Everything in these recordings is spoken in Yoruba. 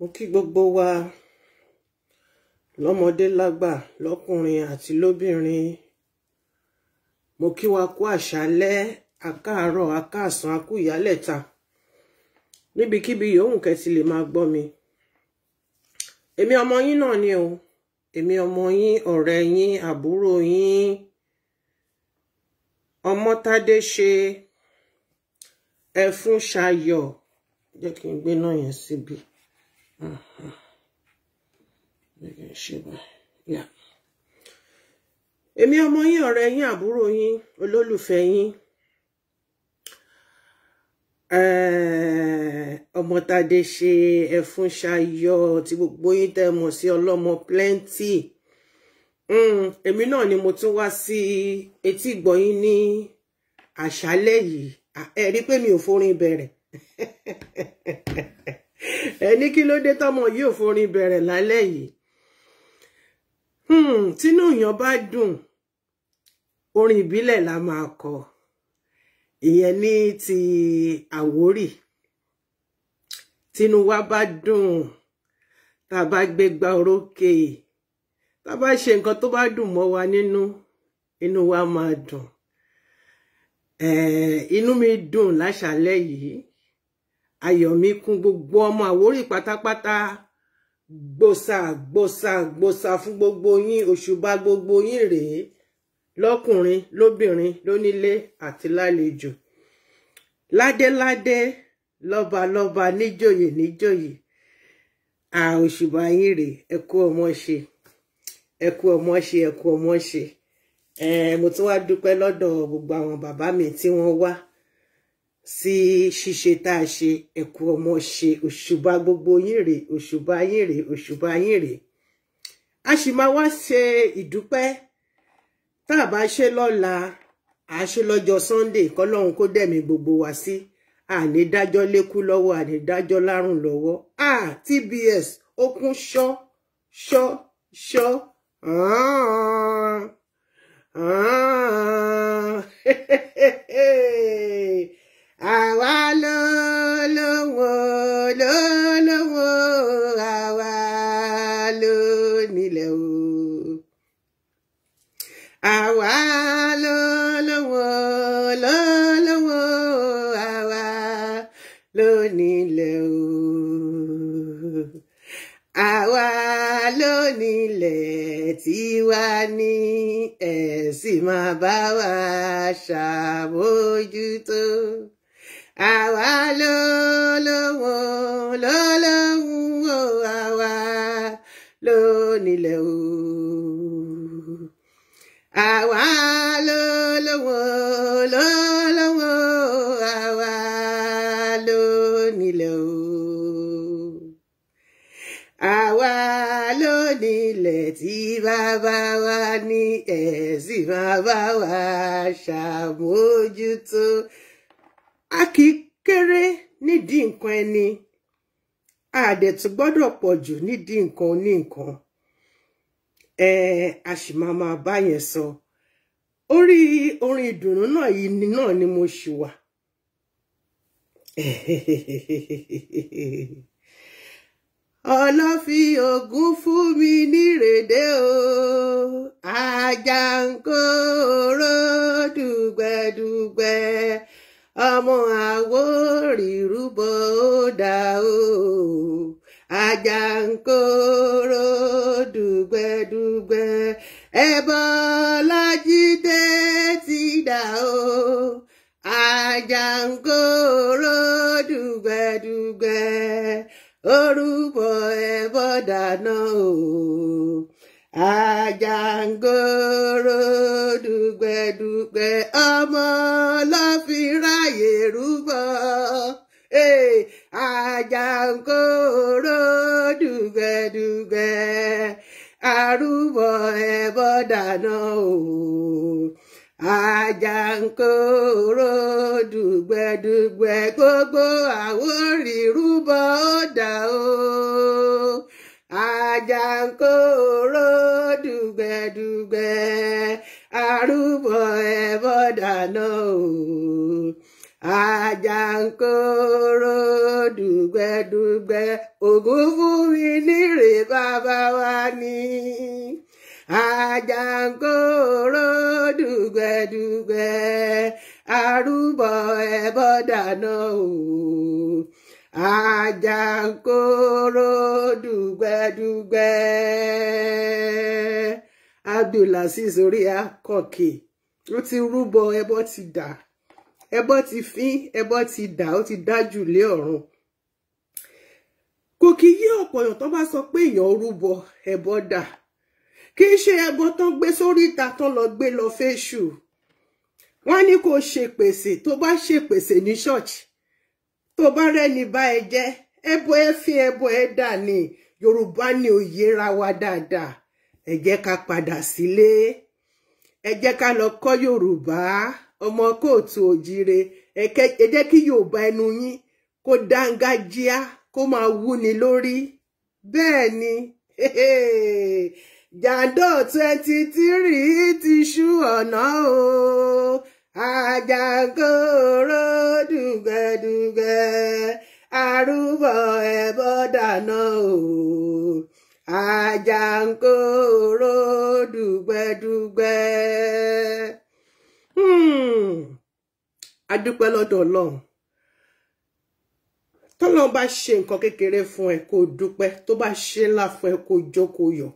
mo kí gbogbo wa lọ́mọdé lágbà lọ́kùnrin àti lóbìnrin mo kí wa kú àṣálẹ́ akáàárọ̀ akáàsán akú ìyálẹ̀ta níbikíbi yòówù kẹtì lè máa gbọ́ mi èmi ọmọ yín náà ni o èmi ọmọ yín ọ̀rẹ́ yín àbúrò yín ọmọtádé ṣe ẹfun ṣayọ̀ jẹ́ kí n gbé náà yẹn síbi. Si èmi ọmọ yín ọ̀rẹ́ yín àbúrò yín olólùfẹ́ yín ọmọtadé ṣe ẹfúnṣayọ tí gbogbo yín tẹ́ mọ̀ sí ọlọ́mọ plenty hmm, èmi náà ni mo tún wá sí etí ìgbọ̀yín ní àṣálẹ́ yìí ẹ rí pé mi ò forin bẹ̀rẹ̀ ẹni kí ló dé tọmọ yìí ò forin bẹ̀rẹ̀ lálẹ́ yìí hmm, tínú èèyàn bá dùn orin ìbílẹ̀ la máa kọ ìyẹn ní ti àwórì tínú wa bá dùn tá a bá gbé gba orókè tá a bá ṣe nǹkan tó bá dùn mọ́ wa nínú inú wa máa dùn inú mi dùn láṣálẹ́ yìí Ayọ̀míkún gbogbo ọmọ Àwórì pátápátá gbòsà gbòsà gbòsà fún gbogbo yín òṣùbà gbogbo yín rèé lọ́kùnrin lóbìnrin lónílé àti lálejò ládéládé lọ́balọ́ba níjòyè níjòyè à òṣùbà yín rèé ẹ kú ọmọ ṣe ẹ kú ọmọ ṣe ẹ kú ọmọ ṣe ẹ mo tún wá dúpẹ́ lọ́dọ̀ gbogbo àwọn bàbá mi tí wọ́n wá sí ṣíṣe tá a ṣe ẹ̀kú ọmọ ṣe òṣùbà gbogbo yín rèé òṣùbà yín rèé òṣùbà yín rèé a sì máa wá ṣe ìdúpẹ́ tá a bá ṣe lọ́la a ṣe lọ́jọ́ Sunday kọ́lọ́hún kó dẹ̀mí gbogbo wá sí àní lékú lọ́wọ́ àní lárùn lọ́wọ́ a TBS ó kún ṣọ́ ṣọ́ ṣọ́ ah ah àwa lólówó lólówó àwa ló nílẹ̀ o. àwa lólówó lólówó àwa ló nílẹ̀ o. àwa ló nílẹ̀ ní ẹ sì máa bá wa ṣàmójútó àwa lo lo àwa lónílẹ̀ o. àwa lólówó lólówó àwa lo o. àwa lónílẹ̀ tí bàbá wa ní ẹ̀sìn bàbá wa ṣàmójútó. E a kì í kéré nídìí nǹkan ẹni a dẹ̀ tún gbọ́dọ̀ pọ̀ jù nídìí nǹkan oníǹkan ẹ a sì máa máa bá yẹn sọ orí orin ìdùnnú náà yìí náà ni mo ṣì wà ọlọ́fi ògún fún mi nírèdè o àjàǹkó ròdùgbẹ̀dùgbẹ̀ ọmọ àwórì rúbọ ó dà o Àjànkóró dùgbẹ́dùgbẹ́ ẹbọ Ọlájídé ti dà o Àjànkóró dùgbẹ́dùgbẹ́ orúbọ ẹbọ dáná o àjàngòròdù dùgbẹ̀dùgbẹ̀ ọmọ lọ́fìrà yèrúbọ. àjàngòròdù dùgbẹ̀dùgbẹ̀ arúbọ ẹbọ dáná o. àjàngòròdù dùgbẹ̀dùgbẹ̀ gbogbo àwórì rúbọ ó dà o. Ajankoro dùgbẹ̀dùgbẹ̀ arúgbó ẹbọ dáná o àjàǹkóró dùgbẹ̀dùgbẹ̀ ògún fún mi nírè bàbá wa ni àjàǹkóró dùgbẹ̀dùgbẹ̀ arúgbó ẹbọ dáná o. Ajakoro dùgbẹ́dùgbẹ́ Abdulaziz Orea Koiki ó ti rúbọ ẹbọ ti dà ẹbọ ti fín ẹbọ ti dà ó ti dájú lé ọ̀run kò kì í yí ọ̀pọ̀ èèyàn tó bá sọ pé èèyàn rúbọ ẹbọ dà kì í ṣe ẹbọ tán gbé sórí ìta tán lọ gbé lọ fẹ́ṣù wọ́n ní kó ṣèpèsè tó bá ṣèpèsè ní ṣọ́ọ̀ṣì tó bá rẹ́ni bá ẹ jẹ́ ẹbọ ẹ fi ẹbọ ẹ dà ní yorùbá ni òye ra wa dáadáa ẹ jẹ́ ká padà sílé ẹ jẹ́ ká lọ kọ́ yorùbá ọmọ kóòtù òjire ẹ jẹ́ kí yorùbá ẹnu yín kó dángájíá kó máa ni twenty three ti ṣú o. àjàngóró dùgbẹ̀dùgbẹ̀ arúgbó ẹbọ dáná o àjàngóró dùgbẹ̀dùgbẹ̀. Hmm, a dúpẹ́ lọ́dọ̀ ọlọ́run tọ́lọ́run bá ṣe nǹkan kékeré fún ẹ kó dúpẹ́ tó bá ṣe ńlá fún ẹ kó jókòó yọ̀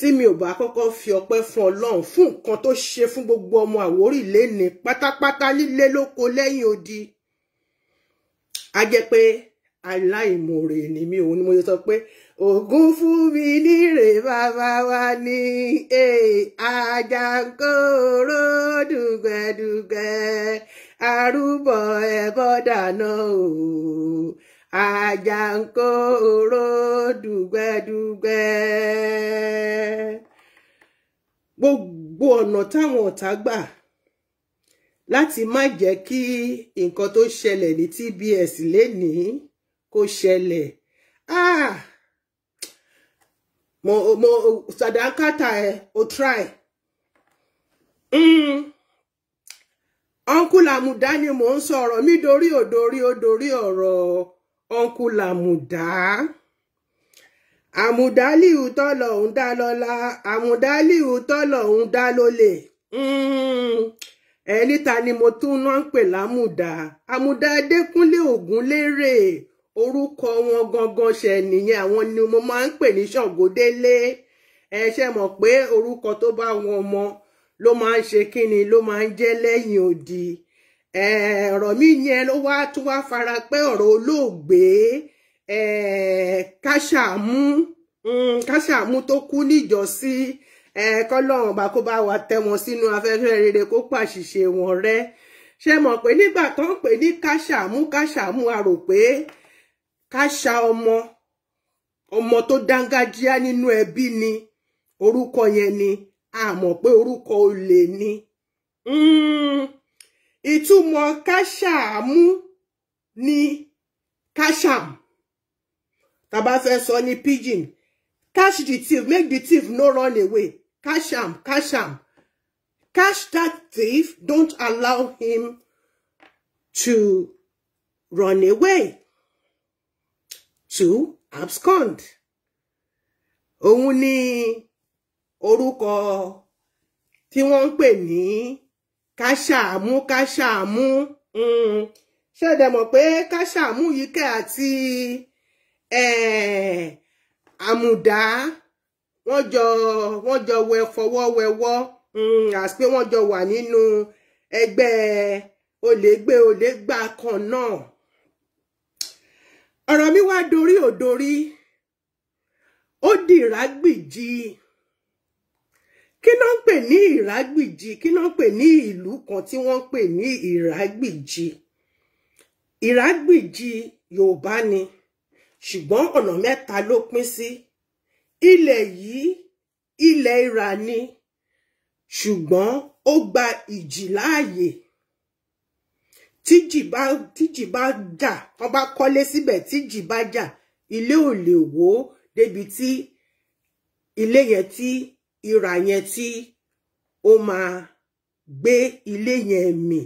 tí mi ò bá kọ́kọ́ fi ọpẹ́ fún Ọlọ́run fún nǹkan tó ṣe fún gbogbo ọmọ Àwórì léni pátápátá lílé lóko lẹ́yìn odi a jẹ́ pé aláìmoore ni mi òun ni mo sọ pé ògún fún mi níre bàbá wa ní e, àjàǹkóró dùgbẹdùgbẹ àrúbọ ẹbọ dáná o. Àjànkòrò dùgbẹ́dùgbẹ́. Gbogbo ọ̀nà táwọn ọ̀tá gbà láti má jẹ́ kí nǹkan tó ṣẹlẹ̀ ní TBS lénìí kó ṣẹlẹ̀. Ah! Mo mo Sàdákàtà ẹ̀ o try. Mm uncle amudani mò ń sọ ọ̀rọ̀ mi dorí òdorí ó dorí uncle àmùdá àmùdálíù tọ́lọ̀ ń dá lọ́lá àmùdálíù tọ́lọ̀ ń dá lólè hmm. ẹni ta ni mo tún náà ń pè lámùdá àmùdá adékúnlé ògúnlérè orúkọ wọn gangan ṣe nìyẹn àwọn ni mo máa ń pè ní ṣàngódélé ẹ ṣe mọ̀ pé orúkọ tó bá wọn mọ ló máa ń ṣe kíni ló máa odi ọ̀rọ̀ mi yẹn ló wá tún wá fara pẹ́ ọ̀rọ̀ olóògbé káṣàmú káṣàmú mm, tó kú níjọ́sí kọ́lọ́run bá kó bá wa tẹ́ wọn sínú afẹ́fẹ́ rere kó pàṣìṣe wọn rẹ́ ṣe mọ̀ pé nígbà tó ń pè ní káṣàmú káṣàmú a rò pé káṣà ọmọ ọmọ tó dángájíá nínú ẹbí ni orúkọ yẹn ni a mọ̀ pé orúkọ olè ni. Mm ìtumọ̀ káṣàmú ni káṣàm tàbá fẹ́ sọ ní pidgin catch the thief make the thief no run away káṣàm káṣàm catch that thief don't allow him to run away to abscond òun ni orúkọ tí wọ́n ń pè ní ká ṣàmú ká ṣàmú mm. ṣé ẹ dẹ̀ mọ̀ pé ká ṣàmú yìí kẹ́ àti eh, àmùdá wọ́n jọ wọ́n jọ wẹ fọwọ́ wẹwọ́ mm. àti pé wọ́n jọ wà nínú ẹgbẹ́ olégbé olégbà kan náà ọ̀rọ̀ mi wá dorí ò ó dìrá gbìjì kí ló ń pè ní ìrágbìjì kí ló ń pè ní ìlú kan tí wọ́n ń pè ní ìrágbìjì ìrágbìjì yorùbá ni ṣùgbọ́n ọ̀nà mẹ́ta ló pín sí ilẹ̀ yìí ilẹ̀ ìrà ni ṣùgbọ́n ó gba ìjì láàyè tíjì bá tíjì bá jà wọ́n bá kọ́lé síbẹ̀ tíjì bá jà ilé ò lè wó débi tí ilé yẹn tí ìrà yẹn tí ó máa gbé ilé yẹn mì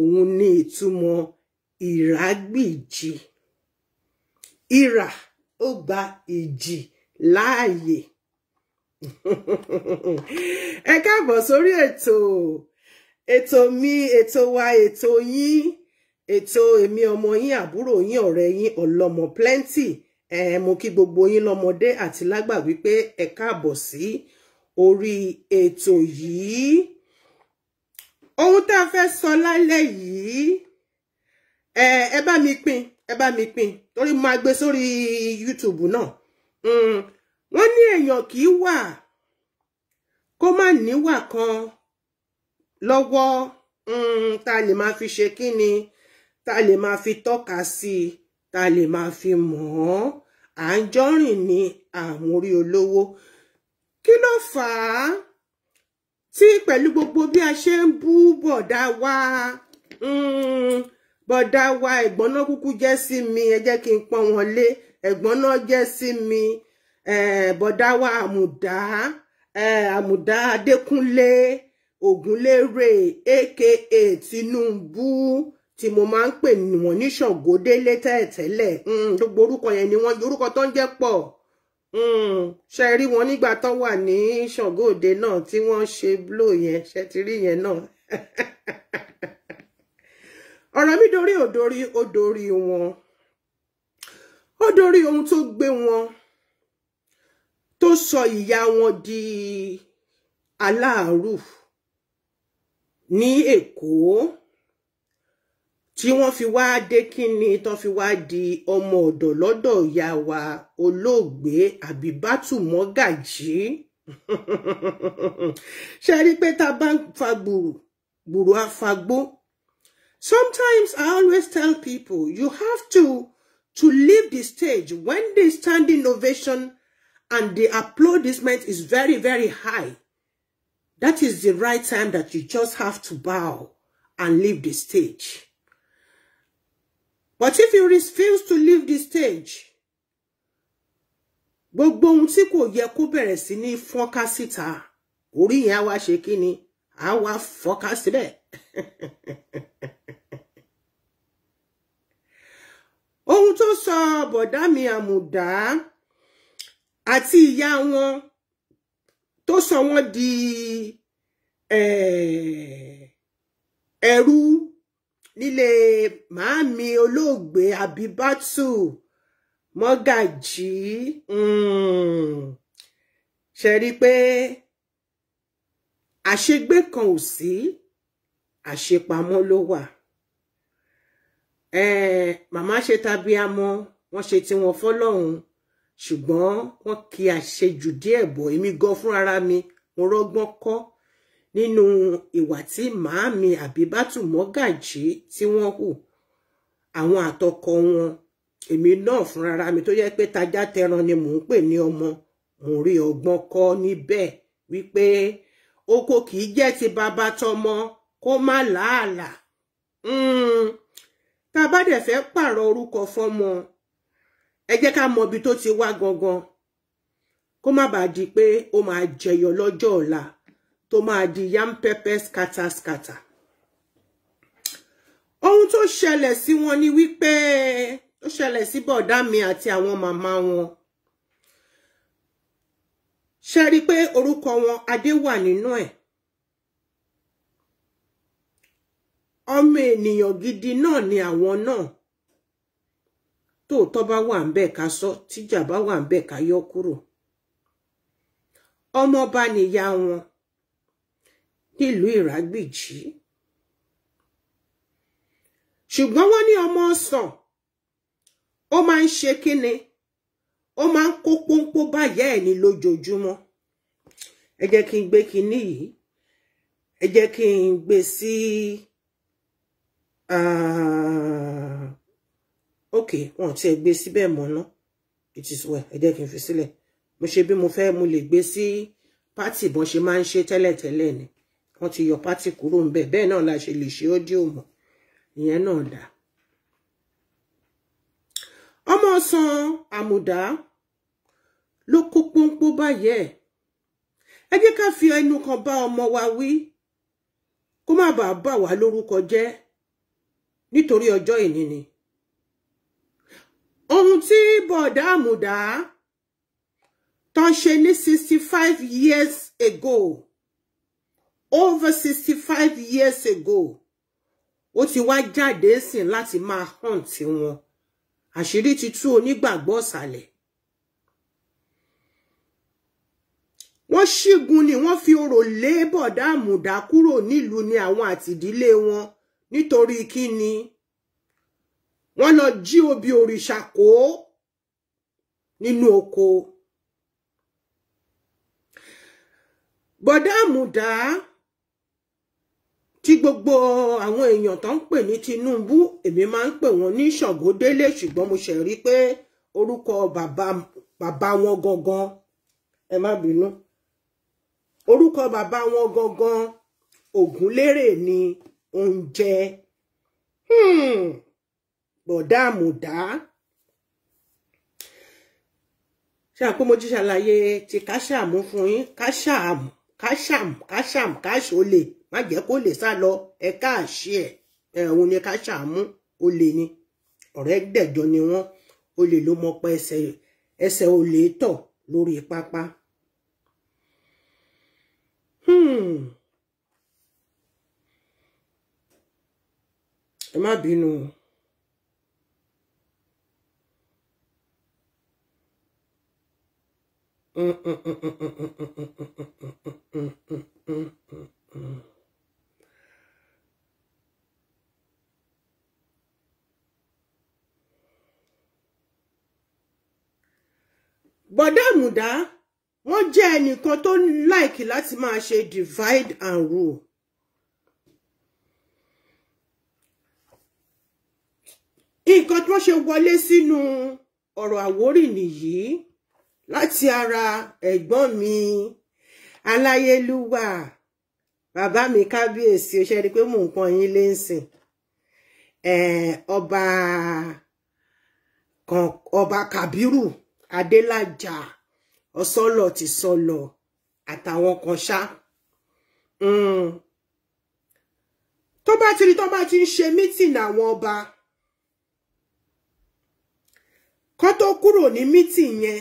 òun ní ìtumọ̀ ìràgbìjì ìrà ó gba ìjì láàyè ẹ káàbọ̀ sórí ètò ètò mi ètò wa ètò yín ètò èmi ọmọ yín àbúrò yín ọ̀rẹ́ yín ọlọ́mọ plenty ẹ mo kí gbogbo yín lọ́mọdé àti lágbà wípé ẹ káàbọ̀ sí. Si orí ètò yìí ohun tá a fẹ́ sọ lálẹ́ yìí ẹ ẹ bá mi pin, ẹ bá mi pin. torí mo máa gbé sórí YouTube náà hmm, wọ́n ní èèyàn kì í wà kó má níwà kan lọ́wọ́ hmm, tá a lè máa fi ṣe kí ni tá a lè máa fi tọ́ka sí i tá a lè máa fi mọ̀ ọ́ à ń jọ́rìn ní àwọn olówó kí ló fà á tí pẹ̀lú gbogbo bí a ṣe ń bú bọ̀dá wa mm, bọ̀dá wa ẹ̀gbọ́n náà kúkú jẹ́ sí mi ẹ jẹ́ kí n pọ́n wọn lé ẹ̀gbọ́n náà jẹ́ sí mi bọ̀dá wa àmùdá àmùdá adékúnlé ògúnlérè aka tinubu tí mo máa ń pè wọ́n ní ṣọ̀gódélé tẹ́ẹ̀tẹ́lẹ̀ mm, gbogbo orúkọ yẹn ni wọ́n orúkọ tó ń jẹ́ pọ̀. Hmm, ṣe rí wọn nígbà tó wà ní ṣàngóòde náà tí wọ́n ṣe blo yẹn ṣe ti rí yẹn náà ọ̀rọ̀ mi dorí òdorí ó dorí wọn ó dorí ohun tó gbé wọn tó sọ ìyá wọn di aláàrù ní Èkó tí wọ́n fi wá dé kínní tó fi wá di ọmọ ọ̀dọ̀ lọ́dọ̀ ìyá wa olóògbé Àbíbátù Mọ́gàjí ṣe rí pé tá bá ń fa gbùrù gbùrù afagbó sometimes I always tell people you have to to leave the stage when the standing ovation and the applaudissement is very very high that is the right time that you just have to bow and leave the stage. But if you refuse to leave the stage, gbogbo ohun tí kò yẹ kó bẹ̀rẹ̀ sí ní fọ́nká síta orí yẹn á wá ṣe kí ni á wá fọ́nká síbẹ̀. ohun tó sọ bọ̀dá mi àmùdá àti ìyá wọn tó sọ wọ́n di ẹ̀rú. Eh, nílé màámi olóògbé Abibatu mọ́gàjí hmm, ṣe rí i pé àṣegbé kan ò sí àṣepamọ́ ló wà màmá ṣe tabiamọ wọ́n ṣe tí wọ́n fọ́lọ́run ṣùgbọ́n wọ́n kì àṣejù díẹ̀ bọ̀ èmi gan fúnra mi mo rọ́gbọ́n kọ́ nínú ìwà tí màámi àbíbátù mọ́gàjí tí wọ́n hù àwọn àtọkọ wọn èmi náà fúnra mi tó yẹ pé tajá tẹran ni mò ń pè ní ọmọ mò ń rí ọgbọ́n kọ́ níbẹ̀ wípé oko kì í jẹ́ ti bàbá tọmọ kó má làálà hmm. tá a bá dẹ̀ fẹ́ pààrọ̀ orúkọ fọ́mọ ẹ jẹ́ ká mọ ibi tó ti wá gangan kó má bàa di pé ó máa jẹyọ lọ́jọ́ ọ̀la tó máa di yam pepper scatter scatter ohun tó ṣẹlẹ̀ sí wọn ni wípé ó ṣẹlẹ̀ sí bọ̀dá mi àti àwọn màmá wọn ṣe rí i pé orúkọ wọn adé wà nínú ẹ̀ ọmọ ènìyàn gidi náà ni àwọn náà tóòtọ́ bá wà ńbẹ̀ ká sọ tíjà bá wà ńbẹ̀ ká yọ kúrò ọmọọba nìyá wọn nílùú ìrágbìjí ṣùgbọ́n wọ́n ní ọmọ ọsàn ó máa ń ṣe kíni ó máa ń kó pọ́npọ́ báyà ẹ̀ ní lójoojúmọ́ ẹ jẹ́ kí n gbé kinní yìí ẹ jẹ́ kí n gbé sí ah, ok wọn ti ẹ gbé síbẹ̀ mọ́ ná it is well ẹ jẹ́ kí n fi sílẹ̀ mo ṣe bí mo fẹ́ mo lè gbé sí pátì bọ́n ṣe máa ń ṣe tẹ́lẹ̀tẹ́lẹ̀ ni wọ́n ti yọ pátì kúrò ńbẹ̀ bẹ́ẹ̀ náà la ṣe lè ṣe ọ́díò mọ̀ ìyẹn náà dá ọmọ san àmùdá ló kó pọ́npọ́ báyẹ̀ ẹ jẹ́ ká fi ẹnu kan bá ọmọ wa wí kó má bàa bà wá lórúkọ jẹ́ nítorí ọjọ́ ìní ni ohun tí bọ̀dá àmùdá tán ṣe ní sixty five years ago over sixty five years ago ó ti wá jáde sìn láti máa hàn tí wọn àṣírí ti tú onígbàgbọ́ ọ̀sàlẹ̀ wọ́n ṣígun ni wọ́n fi orò lé bọ̀dá àmùdá kúrò nílùú ni àwọn àtìdílé wọn nítorí kí ni wọ́n lọ jí obì òrìṣà kó nínú oko bọ̀dá àmùdá tí gbogbo àwọn èèyàn tó ń pè ní Tinubu èmi máa ń pè wọ́n ní Ṣàngódélé ṣùgbọ́n mo ṣe rí pé orúkọ bàbá bàbá wọn gangan ẹ má bínú orúkọ bàbá wọn gangan Ògúnlérè ni oúnjẹ bọ̀dá àmùdá ṣáà pé mo ti ṣàlàyé ti káṣàmù fún yín káṣàmù káṣàmù káṣàmù káṣòlè má jẹ́ kó lè sá lọ ẹ káàṣì ẹ̀ ẹ̀ òun ni ká ṣàmú olè ni ọ̀rẹ́ dẹ̀jọ ni wọ́n olè ló mọ pa ẹsẹ̀ ẹsẹ̀ olè tọ̀ lórí pápá. ẹ má bínú o. Mm-mm-mm-mm-mm-mm-mm-mm-mm-mm-mm-mm. bọ̀dá àmùdá wọ́n jẹ́ ẹnìkan tó láìkì láti máa ṣe divide and rule. nǹkan tó ṣe wọlé sínú ọ̀rọ̀ àwórì nìyí láti ara ẹ̀gbọ́n mi aláyélúwà bàbá mi kábíyèsí ó ṣe rí i pé mò ń pọn yín lẹ́sìn ọba ọba kàbírù adélájà ọsọlọ ti sọlọ àtàwọn kan ṣá hmm. tó bá ti rí tó bá ti ń ṣe mítìn àwọn ọba kán tó kúrò ní mítìn yẹn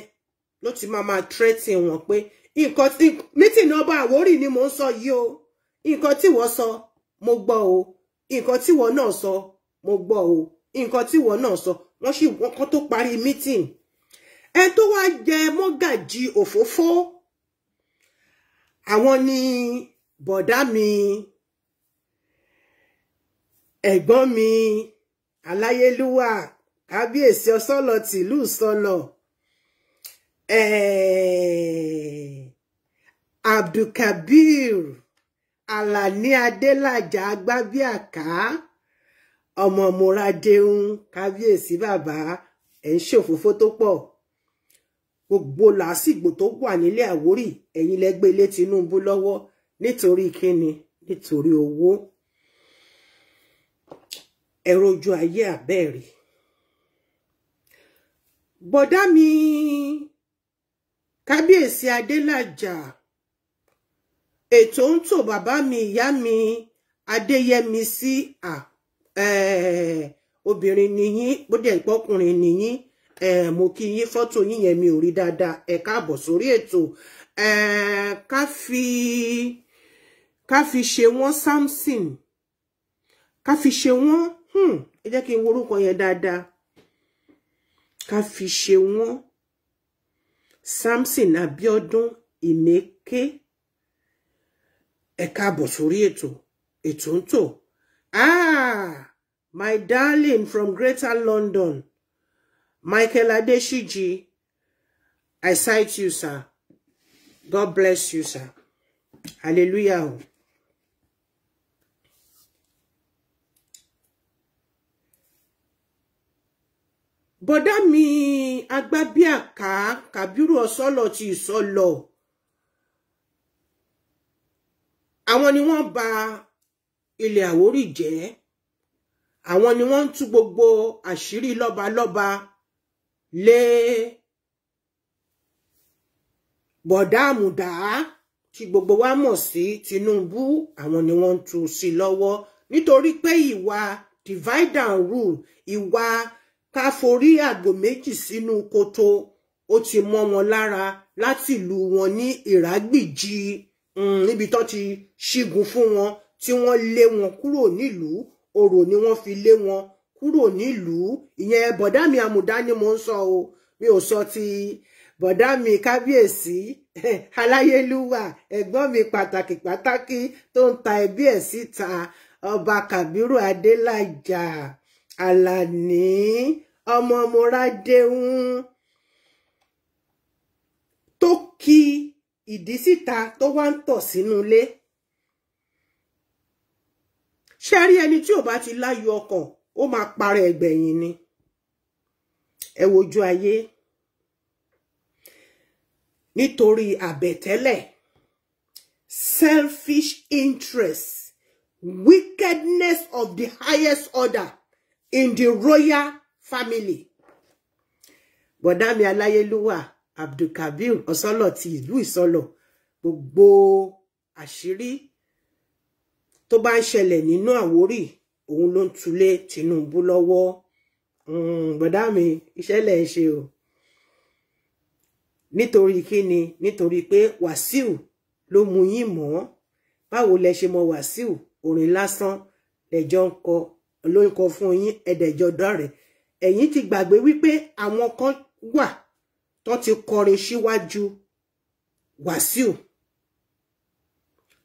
ló ti máa máa tírẹ́tì wọn pé nǹkan tí mítìn ọba Àwórì ni mò ń sọ yìí o nǹkan tí wọ́n sọ mo gbọ́ o nǹkan tí wọ́n náà sọ mo gbọ́ o nǹkan tí wọ́n náà sọ wọ́n sì wọ́n kán tó parí mítìn ẹni tó wá jẹ mọ́gàjí òfófó àwọn ni bọ̀dá mi ẹ̀gbọ́n mi aláyélúwà kábíyèsí ọsọlọ tìlú sọlọ abdulkabir alani adélàjà agbábíàká ọmọ muradeun kábíyèsí bàbá ẹ̀ ń ṣòfófó tó pọ̀ gbogbo làásìgbò tó wà nílé Àwórì ẹ̀yin lẹ gbé ilé Tinubu lọ́wọ́ nítorí kíni nítorí owó ẹ̀rọ ojú ayé àbẹ́ẹ̀rì bọ̀dá mi kábíyèsí Adélájà ètò ń tò bàbá mi ìyá mi Adéyẹmí sí à obìnrin nìyí bó dẹ̀ pọ́kùnrin nìyí mo kí yín fọ́tò yín yẹn mi ò rí dáadáa ẹ káàbọ̀ sórí ètò ká fi ká fi ṣe wọ́n samson ká fi ṣe wọ́n hmm, ẹ jẹ́ kí n worúkọ yẹn dáadáa ká fi ṣe wọ́n samson abiodun ìmẹ́kẹ́ ẹ káàbọ̀ sórí ètò ètò ń tò ah my darling from Greater London Michael Adeshiji, I cite you, sir. God bless you, sir. Hallelujah. bọ́dá mi agbábíàká kàbírù ọ̀sọ́lọ̀ ti ìsọ́lọ̀ àwọn ni wọ́n bà ilẹ̀ Àwórì jẹ́ àwọn ni wọ́n ń tú gbogbo àṣírí lọ́balọ́ba. Lọ́ba. Le bọ̀dá àmùdá tí gbogbo wa mọ̀ sí Tinubu àwọn ni wọ́n ń tú sí lọ́wọ́ nítorí pé divide and rule iwa, ká forí àgbò méjì sínú koto ó ti mọ́ wọn lára láti ìlú wọn ní ìrágbìjì mm, níbi tó ti ṣígun fún wọn tí wọ́n lé wọn kúrò nílùú orò ni wọ́n fi lé wọn kúrò nílùú ìyẹn bọ̀dá mi àmùdá ni mo ń sọ o mi ò sọ ti bọ̀dá mi kábíyèsí aláyélúwà ẹ̀gbọ́n mi pàtàkì pàtàkì tó ń ta ẹbí ẹ̀ síta ọba kàbírù adélájà àlàní ọmọ mọ́rádéhùn tó kí ìdí síta tó wá ń tọ̀ sínú ilé ṣe rí ẹni tí ò bá ti láyọ̀ ọkàn ó máa parẹ́ ẹgbẹ̀yìn ni ẹ wojú ayé nítorí àbẹ̀tẹ́lẹ̀ selfish interest wickedness of the highest order in the royal family bọ̀dámi aláyélúwà abdulkabir ọ̀sọ́lọ̀ ti ìlú ìsọlọ̀ gbogbo àṣírí tó bá ń ṣẹlẹ̀ nínú àwórì òun ló ń tulé Tinubu lọ́wọ́ gbọ̀dá mm, mi iṣẹ́ lẹ̀ ń ṣe o nítorí kíni nítorí pé Wàsíù ló mú yín mọ́ báwo lẹ ṣe mọ Wàsíù orin lásán lẹjọ ń kọ ló ń kọ fún yín ẹdẹjọ dọrẹ ẹ̀yin ti gbàgbé wípé àwọn kan wà tó ti kọrin síwájú Wàsíù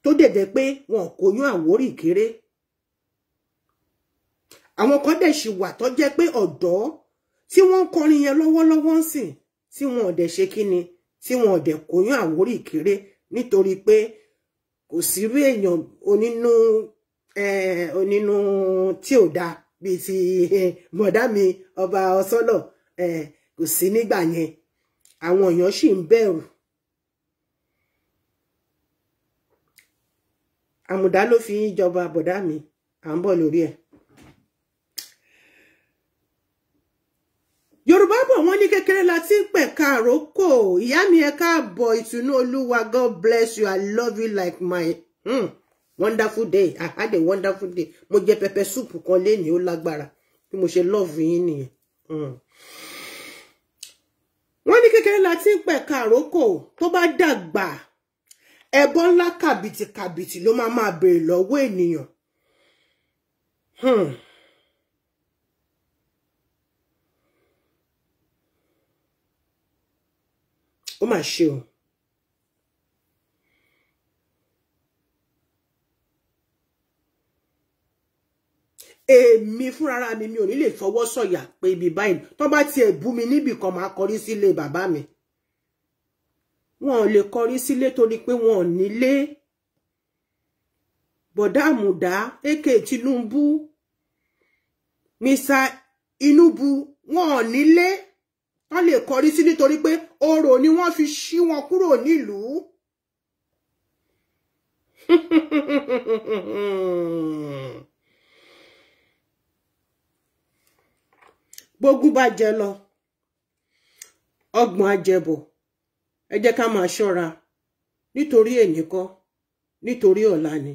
tó dẹ̀dẹ̀ pé wọn kò yún Àwórì kéré àwọn kan dẹ̀ ṣì wà tó jẹ́ pé ọ̀dọ́ tí wọ́n ń kọrin yẹn lọ́wọ́lọ́wọ́ ń sìn tí wọn ò dẹ̀ ṣe kíni tí wọn ò dẹ̀ kóyún àwórí ìkéré nítorí pé kò sírú èèyàn onínú onínú tí ò dáa bíi ti mọ̀dá mi ọba ọsọ́nà kò sí nígbà yẹn àwọn èèyàn sì ń bẹ̀rù àmùdá ló fi ń jọba bọ̀dá mi à ń bọ̀ lórí ẹ̀. wọ́n ní kékeré la ti ń pẹ̀ka àrókò ìyá mi ẹ káàbọ̀ ìtùnú olúwa god bless you i love you like my mm, wonderful day i had a wonderful day mo jẹ pẹpẹ súùpù kan lénìí ó lágbára bí mo ṣe love yín nìyẹn. Hmm. wọ́n ní kékeré la ti ń pẹ̀ka àrókò tó bá dàgbà ẹbọ ńlá kàbìtìkàbìtì ló máa máa béèrè lọ́wọ́ ènìyàn. Hmm. ó mà ṣe o. èmi fúnra mi mi ò ní lè fọwọ́ sọ̀yà pé ibi báyìí tó bá tiẹ̀ bú mi níbì kan máa kọrí sílé bàbá mi wọn ò lè kọrí sílé torí pé wọn ò nílé bọ̀dá àmùdá Tinubu Mr Inubu wọn ò nílé wọ́n lè kọrí sí nítorí pé orò ni wọ́n fi ṣí wọn kúrò nílùú. bógún bá jẹ lọ ọgbọ̀n àjẹbọ ẹ jẹ́ ká máa ṣọ́ra nítorí èní kọ́ nítorí ọ̀la ni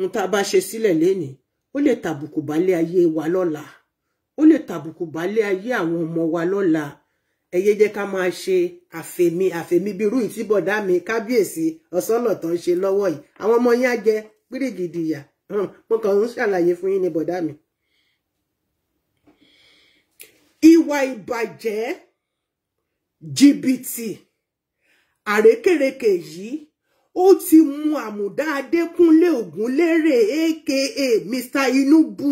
n tá bá ṣe sílẹ̀ lénìí ó lè tàbùkù bálé ayé wa lọ́la ó lè tàbùkù bálé ayé àwọn ọmọ wa lọ́la ẹ yé jẹ́ ká máa ṣe àfẹ̀mí àfẹ̀mí bíi rúyìn tí bọ̀dá mi kábíyèsí ọ̀sọ́lọ̀ tó ń ṣe lọ́wọ́ yìí àwọn ọmọ yín á mo kàn ń ṣàlàyé fún yín ní bọ̀dá mi. ìwà ìbàjẹ́ jìbìtì àrékèrèkè yìí ó ti mú àmùdá adékúnlé ògúnlérè aka mr inubu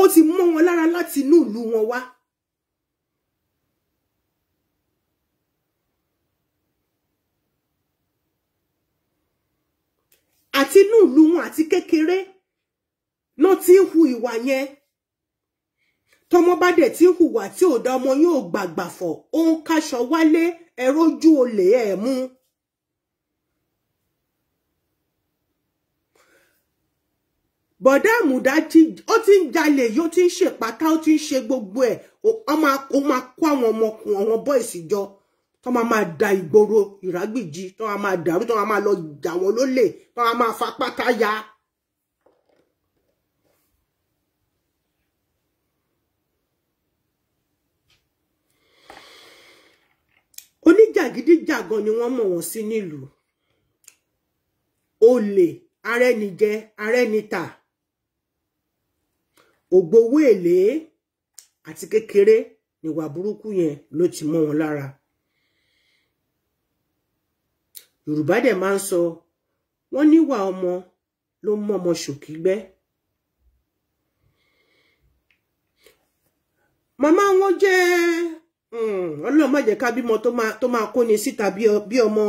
ó ti mọ́ wọn lára láti inú ìlú wọn wá. àti inú ìlú wọn àti kékeré náà ti ń hu ìwà yẹn tọmọ bá dẹ̀ ti ń hùwà tí ò dá ọmọ yóò gbàgbàfọ̀ ó ń káṣọ wálé ẹ̀rọ ojú olè ẹ̀ mú. bọ̀dá àmùdá ó ti ń jalè yóò ti ń ṣèpátá ó ti ń ṣe gbogbo ẹ̀ ó máa kó àwọn ọmọkùnrin àwọn bọ́ìsì jọ tó máa máa da ìgboro ìrágbìjì tó máa máa dàrú tó máa máa lọ jà wọ́n lólè tó máa máa fa pátá ya. oníjàgídíjàgan ni wọ́n mọ̀ wọ́n sí nílùú olè arẹ́nijẹ arẹ́nita ògbówó èlé àti kékeré níwà burúkú yẹn ló ti mọ́ wọn lára yorùbá dẹ̀ máa ń sọ wọ́n níwà ọmọ ló mọ́ ọmọ ṣòkígbẹ́ màmá wọn jẹ́ hmm, ọlọ́run má ká bímọ tó máa kóni síta bí ọmọ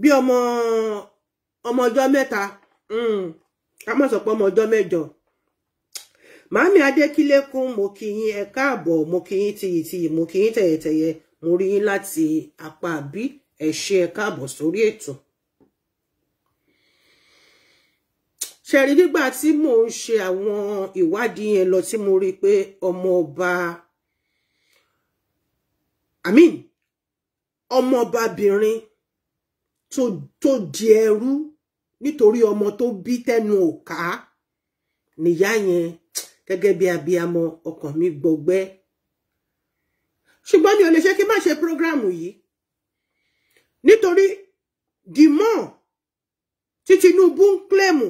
bí ọmọ ọmọ ọjọ́ mẹ́ta hmm, ká má sọ pé ọmọ ọjọ́ mẹ́jọ màámi adékílékún mo kí yín ẹ káàbọ̀ mo kí yín tiyìtiyì mo kí yín tẹ̀yẹ̀tẹ̀yẹ mo rí yín láti apá bí ẹ ṣe ẹ káàbọ̀ sórí ètò. ṣẹ̀rí nígbà tí mò ń ṣe àwọn ìwádìí yẹn lọ mo rí i pé ọmọ ọba amin ọmọ ọbabìnrin tó tó di ẹrú nítorí ọmọ tó bí tẹnu ọ̀ka nìyá yẹn gẹ́gẹ́ bí abiyamọ ọkàn mi gbọgbẹ́ ṣùgbọ́n mi ò lè ṣe kí n má ṣe prógráàmù yìí nítorí dìmọ́ tí Tinubu ń kílẹ̀mù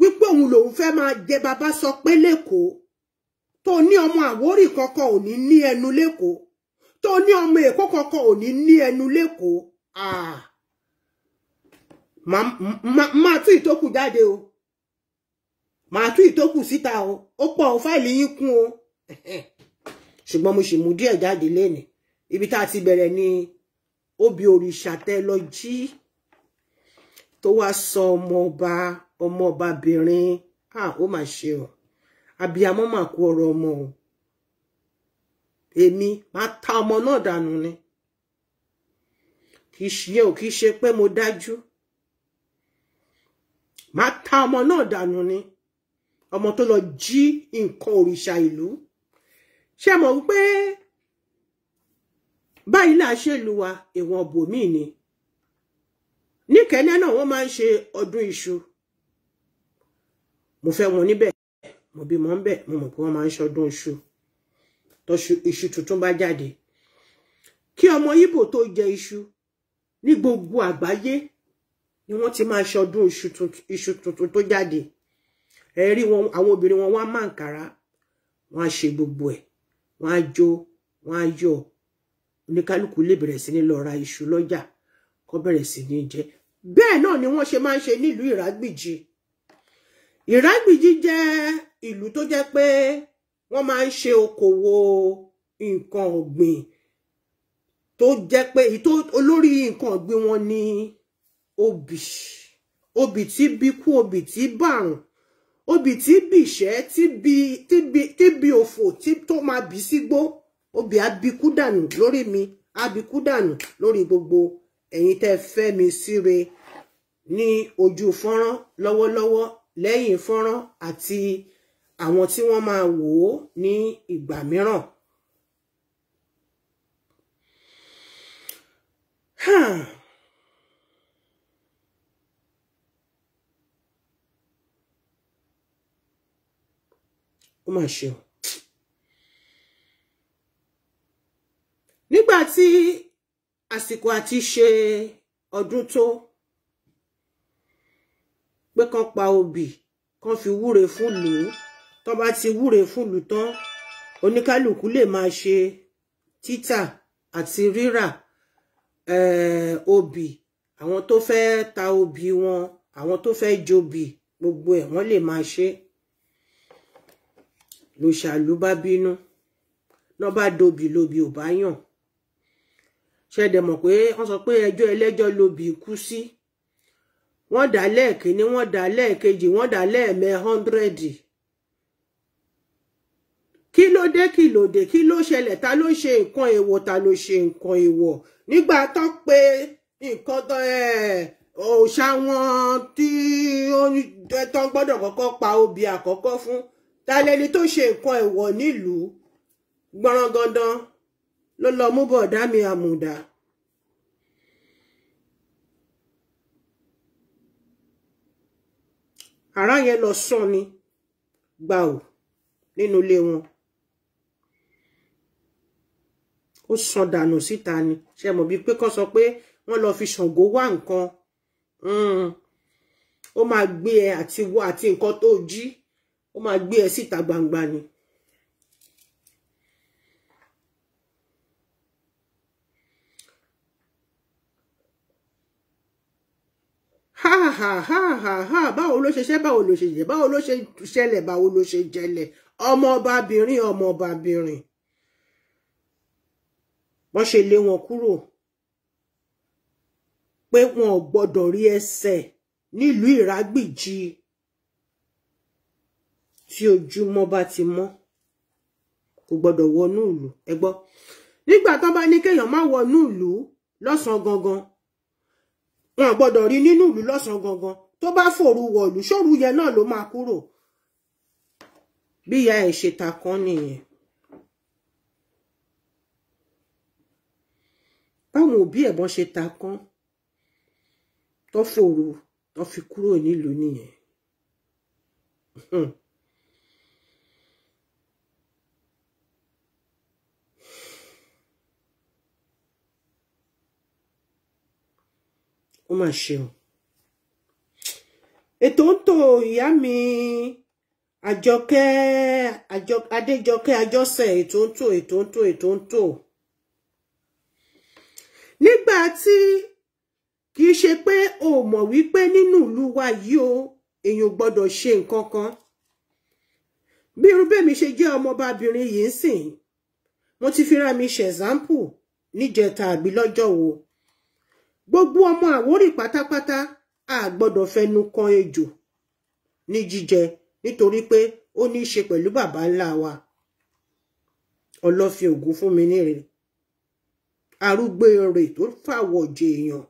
wípé òun lòun fẹ́ máa jẹ bàbá sọ pé lẹ́kọ̀ọ́ tó ní ọmọ Àwórì kankan ò ní ní ẹnu lẹ́kọ̀ọ́ tó ní ọmọ Èkó kankan ò ní ní ẹnu lẹ́kọ̀ọ́ máa tú ìtókù jáde o màá tu ìtókù síta o ó pọ̀ o fáìlì yín kún o ṣùgbọ́n mo sì mú díẹ̀ jáde lénìí ibi tá a ti bẹ̀rẹ̀ ni obì òrìṣà tẹ lọ jí tó wá sọ ọmọọba ọmọọbabìnrin à ó mà ṣe o abiyamọ mà kú ọ̀rọ̀ ọmọ o èmi máa ta ọmọ náà dànù ni kì í ṣe ò kì í ṣe mo dájú máa ta ọmọ náà dànù ni ọmọ tó lọ jí nǹkan òrìṣà ìlú ṣe mọ̀ wípé báyìí là ṣe lu wa ìwọ̀n bòmíì ni ní Kẹ́nyà náà wọ́n máa ń ṣe ọdún iṣu mo fẹ́ wọn níbẹ̀ mo bí mọ́ ń bẹ̀ mo mọ̀ pé wọ́n máa ń ṣọdún iṣu tó iṣu tuntun bá jáde kí ọmọ Ìbò tó jẹ iṣu ní gbogbo àgbáyé ni wọ́n ti máa ṣọdún iṣu tuntun tó jáde ẹ rí wọn àwọn obìnrin wọn wọ́n á Kara. wọ́n á ṣe gbogbo ẹ̀ wọ́n á jó wọ́n á yọ̀ oníkálukú lè bẹ̀rẹ̀ sí ní lọ ra iṣu lọ́jà kó bẹ̀rẹ̀ sí ní jẹ bẹ́ẹ̀ náà ni wọ́n ṣe máa ń ṣe nílùú ìrágbìjì ìrágbìjì jẹ́ ìlú tó jẹ́ pé wọ́n máa ń ṣe okòwò nǹkan ọ̀gbìn tó jẹ́ pé ìtò olórí nǹkan ọ̀gbìn wọn ni obì obì tí bí obì tí bàrùn obì ti bi ṣẹ́ tí bí ti tí tó bi bì sígbó obì abikú dànù lórí mi abikú dànù lórí gbogbo ẹ̀yin tẹ́ fẹ́ mi síre ní ojú fọ́nrán lọ́wọ́lọ́wọ́ lẹ́yìn fọ́nrán àti àwọn tí wọ́n máa wo ni ní ìgbà mìíràn. Huh. ó mà ṣe o nígbà tí àsìkò àti ṣe ọdún tó pé kan pa obì kan fi wúre fún lù ú tó bá ti wúre fún lù tán oníkálukú lè máa ṣe títà àti rírà eh, obì àwọn tó fẹ́ ta obì wọn àwọn tó fẹ́ jobì gbogbo ẹ̀ wọ́n lè máa ṣe é ló ṣàlù bá bínú lọ́ bá dobi lobi ò bá yàn ṣẹ̀dẹ̀ mọ̀ pé wọ́n sọ pé ẹjọ́ ẹlẹ́jọ́ lobi kú sí wọ́n dá lẹ́ẹ̀kínní wọ́n dá lẹ́ẹ̀kejì wọ́n dá lẹ́ẹ̀mẹ́ hundredi kí ló dé kí ló dé kí ló ṣẹlẹ̀ ta ló ṣe nǹkan èèwọ̀ ta ló ṣe nǹkan èèwọ̀ nígbà tó pé nǹkan tó ẹ̀ òòṣà wọn tí ó tán gbọ́dọ̀ kọ́kọ́ pa obì àkọ́kọ́ fún ta lẹni tó ṣe nǹkan ẹ̀wọ̀ nílùú gbọrangandan ló lọ mú bọ̀dá mi àmùdá ara yẹn lọ sàn ni gbà ò nínú ilé wọn ó sàn dànù síta ni ṣe mọ̀ bíi pé kán sọ pé wọ́n lọ fi Ṣàngó wá nǹkan hmm. ó máa gbé ẹ àti nǹkan tó jí ó máa gbé ẹ síta gbangba ni. báwo ló ṣe ṣe báwo ló ṣe jẹ báwo ló ṣe ṣẹlẹ̀ báwo ló ṣe jẹlẹ̀ ọmọọbabìnrin ọmọọbabìnrin wọ́n ṣe lé wọn kúrò pé wọn ò gbọ́dọ̀ rí ẹsẹ̀ nílùú ìrágbìjí tí ojúmọ́ bá ti mọ́ kò gbọ́dọ̀ wọnú ìlú ẹ gbọ́ nígbà tán bá ní kéèyàn má wọnú ìlú lọ́sàn gangan wọn gbọ́dọ̀ rí nínú ìlú lọ́sàn gangan tó bá foru wọ̀lú ṣòru yẹn náà ló máa kúrò bí ìyá ẹ̀ ṣe ta kan nìyẹn báwọn òbí ẹ̀bọn ṣe ta kan tó fòru tó fi kúrò nílùú nìyẹn. Hmm. ó mà ṣe o ètò ń tò ìyá mi àjọkẹ́ adéjọkẹ́ àjọsẹ̀ ètò ń tò ètò ń tò ètò ń tò nígbà tí kì í ṣe pé o mọ̀ wípé nínú ìlú wa yìí o èèyàn gbọ́dọ̀ ṣe nǹkan kan bí irú bẹ́ẹ̀ mi ṣe jẹ́ ọmọbabìnrin yìí ń sìn mo ti fira mi ṣe example níjẹta àbí lọ́jọ́ wo gbogbo ọmọ Àwórì pátápátá a gbọ́dọ̀ fẹnu kan ejò ní jíjẹ nítorí pé ó ní í ṣe pẹ̀lú bàbá ńlá wa ọlọ́fin ògún fún mi nírè arúgbó erè tó fàwọ̀ jẹ èèyàn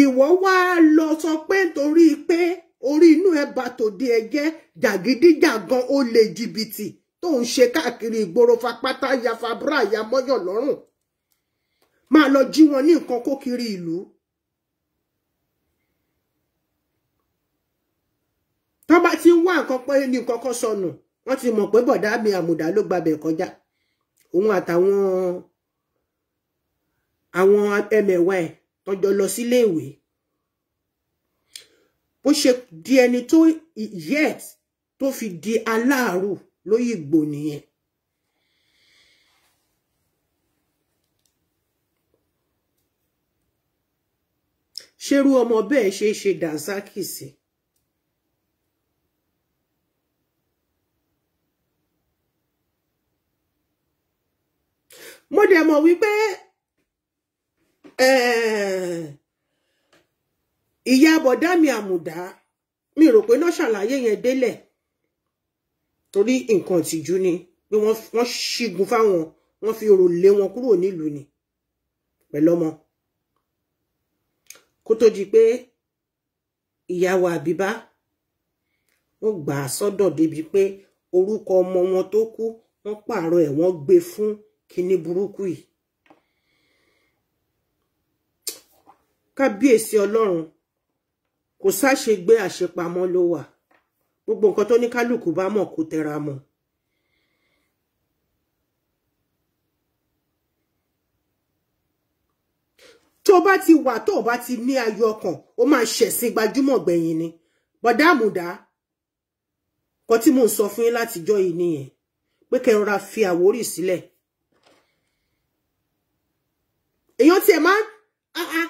ìwọ wá lọ sọ pé nítorí pé orí inú ẹ bá tòde ẹ jẹ jàgídíjàgan ó lè jìbìtì tó ń ṣe káàkiri ìgboro fapátá ya fabra ya mọ́yàn lọ́rùn máa lọ jí wọn ní nǹkan kó kiri ìlú. tó bá ti ń wá nǹkan pé ní nǹkan kan sọnù wọ́n ti mọ̀ pé bọ̀dá mi àmùdá ló gbabẹ̀ kọjá òun àtàwọn àwọn ẹmẹ̀wà ẹ̀ tọjọ lọ síléèwé bó ṣe di ẹni tó yẹt tó fi di aláàrù lóyìnbó nìyẹn ṣerú ọmọ bẹ́ẹ̀ ṣe é ṣe dànsákì sí mo dẹ̀ mọ̀ wípé eh, ìyá bọ̀dá mi àmùdá mi rò pé náà ṣàlàyé yẹn délẹ̀ torí nǹkan ìtìjú ni pé wọ́n ṣígun fáwọn wọ́n fi ọ̀rọ̀ lé wọn kúrò nílùú ni pẹ̀lú ọmọ kó tó di pé ìyàwó àbíbá wọ́n gbà á sọ́dọ̀ débi pé orúkọ ọmọ wọn tó kú wọ́n pààrọ̀ ẹ̀ wọ́n gbé e fún kinní burúkú yìí kábíyèsí ọlọ́run kò sáṣe gbé àṣepamọ́ ló wà gbogbo nǹkan tó ní kálukú bá mọ̀ kó tẹra mọ́ tó bá ti wà tó bá ti ní ayọ̀ ọkàn ó máa ṣẹ̀sìn gbajúmọ̀ gbẹ̀yìn ni bọ̀dá àmùdá kọ tí mò ń sọ fún yín látijọ́ yìí nìyẹn pé kẹ́ rọra fi àwórì sílẹ̀ èèyàn tiẹ̀ máa ń ah, ah,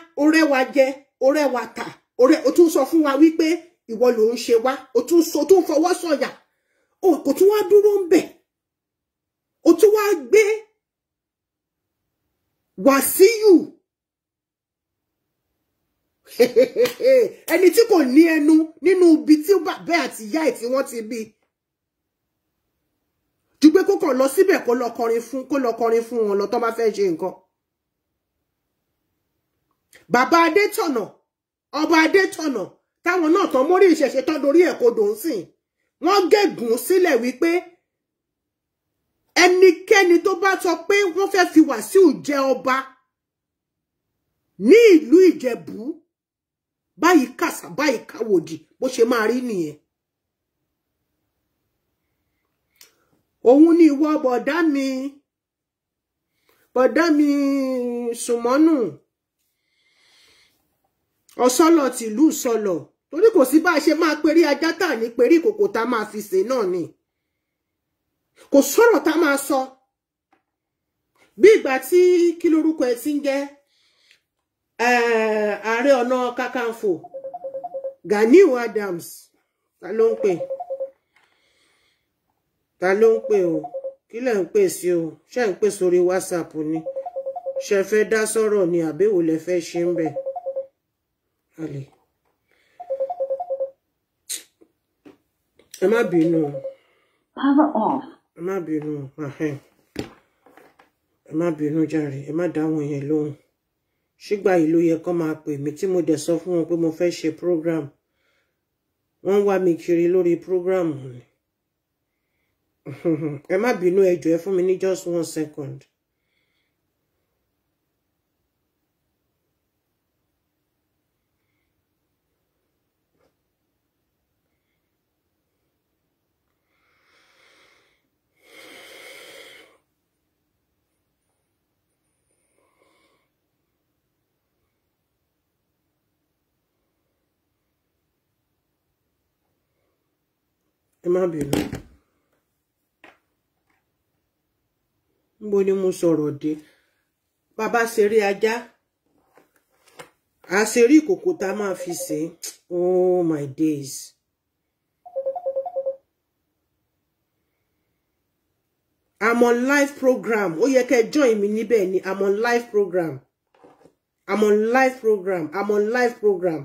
wa jẹ ọ̀rẹ́ wa tà ọ̀rẹ́ o tún sọ fún wa wípé ìwọ ló ń ṣe wá o tún so tún fọwọ́ sọ̀yà o kò tún wá dúró ń bẹ̀ o tún wá gbé Wàsíù ẹni tí kò ní ẹnu nínú ibi tí bàbá àti ìyá ẹ̀ tí wọ́n ti bí ju pé kó kàn lọ síbẹ̀ kó lọ kọrin fún kó lọ kọrin fún wọn lọ tó bá fẹ́ ṣe nǹkan bàbá Adétọ̀nà ọba Adétọ̀nà táwọn náà tán mórí ìṣẹ̀ṣe tán dorí ẹ̀ kodò ń sìn wọ́n gégùn sílẹ̀ wípé ẹnikẹ́ni tó bá sọ pé wọ́n fẹ́ fi Wàsíù jẹ ọba ní ìlú Ìjẹ̀bú báyìí kàsà báyìí káwòdì bó ṣe máa rí nìyẹn. òun ni ìwọ bọ̀dá mi bọ̀dá mi sùmọ́nù ọ̀sọ́lọ̀ tìlú sọlọ̀ torí kò sí bá a ṣe máa perí ajá tà ní perí ìkòkò tá a máa fi sè náà ni kò sọ̀rọ̀ tá a máa sọ bí ìgbà tí kí lorúkọ ẹ ti ń jẹ́ eh, ààrẹ ọ̀nà kakanfò Ganiu Adams ta ló ń pè ta ló ń pè o kí lẹ̀ ń pè sí o ṣe ń pè sórí WhatsApp ni ṣe fẹ́ dá sọ̀rọ̀ ni àbẹ̀wò lẹ fẹ́ ṣe ń bẹ̀ àlè ẹ má bínú ẹ má bínú ẹ má bínú jàre ẹ má dáhùn yẹn lóhùn ṣígbà yìí ló yẹ kó máa pè mí tí mo dẹ̀ sọ fún wọn pé mo fẹ́ ṣe program One ń wá mi kiri lórí program ni ẹ má bínú ẹ jọ̀ọ́ ẹ fún mi just one second. má bínú níbo ni mo sọ̀rọ̀ dé bàbá ṣeré ajá àṣeré ìkòkò tá a máa fi ṣe oh my days. I'm on live program ó yẹ kẹ́ join mi níbẹ̀ ni I'm on live program I'm on live program I'm on live program. I'm on live program.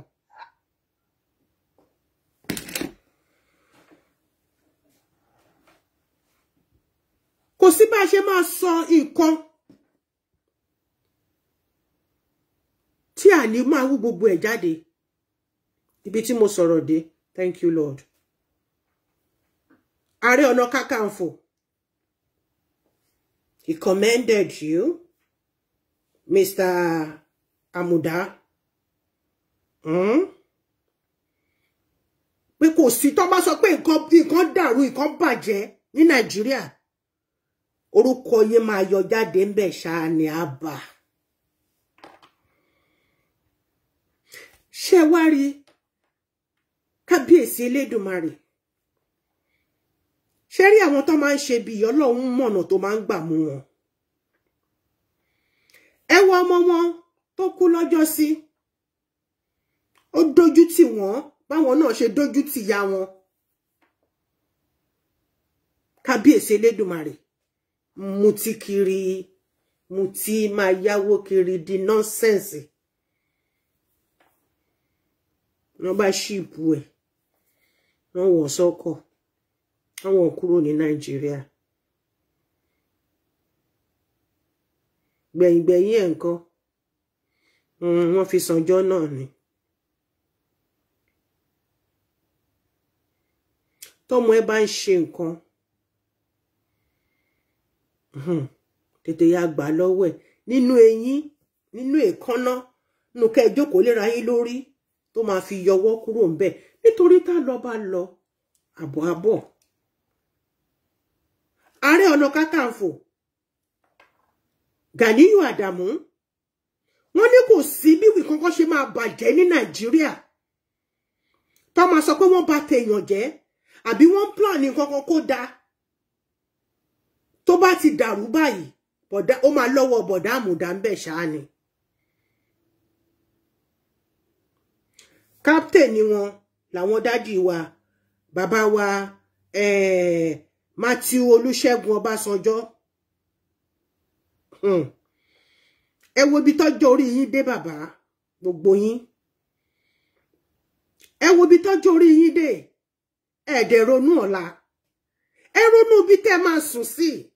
kò sí bá a ṣe máa sọ nǹkan tí a ní máa wú gbogbo ẹ̀ jáde ibi tí mo sọ̀rọ̀ dé thank you lord ààrẹ ọ̀nà kàkàǹfò he commended you mr amuda hmm? pé kò sí tó bá sọ pé nǹkan dàrú nǹkan bàjẹ́ ní nàìjíríà orúkọ yín máa yọ jáde ń bẹ̀ ṣáà ní àbá. ṣé wá rí kábíyèsí elédùnmarè ṣé rí àwọn tó máa ń ṣe bí ọlọ́run mọ̀nà tó máa ń gbà mú wọn ẹ wo ọmọ wọn tó kú lọ́jọ́ sí ó dójú tì wọ́n báwọn náà ṣe dójú tì ya wọn kábíyèsí elédùnmarè mutí kiri mutí máa yáwó kiri di nọ́nsẹ̀nsì wọ́n bá ṣíìpù ẹ̀ wọ́n wọ̀ sọ́kọ̀ wọ́n kúrò ní nàìjíríà gbẹ̀yìngbẹ̀yìn ẹ̀ nǹkan wọ́n fi sànjọ́ náà ni. tọ́mọ ẹ bá ń ṣe Hmm. tètè ya gbà lọ́wọ́ ẹ̀ nínú eyín nínú èékánná nínú kẹ́ ẹ jókòó léra yín lórí tó máa fi yọwọ́ kúrò ńbẹ̀ nítorí tá lọ bá lọ àbọ̀ àbọ̀ ààrẹ ọ̀nà kákàǹfò Ganiyu Adamu wọ́n ní kò sí bíwì kankan ṣe máa bàjẹ́ ní Nàìjíríà tó máa sọ pé wọ́n bà tèèyàn jẹ́ àbí wọ́n ń plan nǹkan kan kó dáa tó bá ti dàrú báyìí bọ̀dá ó máa lọ́wọ́ bọ̀dá àmùdá ń bẹ̀ ṣáá ni. captain ni wọn làwọn dádì wa bàbá wa eh, Matthew Olúṣẹ́gun Ọbásanjọ́ hmm. ẹ wo ibi tọ́jọ́ orí yín dé bàbá gbogbo yín ẹ wo ibi tọ́jọ́ orí yín dé ẹ̀ẹ́dẹ̀ ronú ọ̀la ẹ ronú ibi tẹ́ máa sùn sí. Si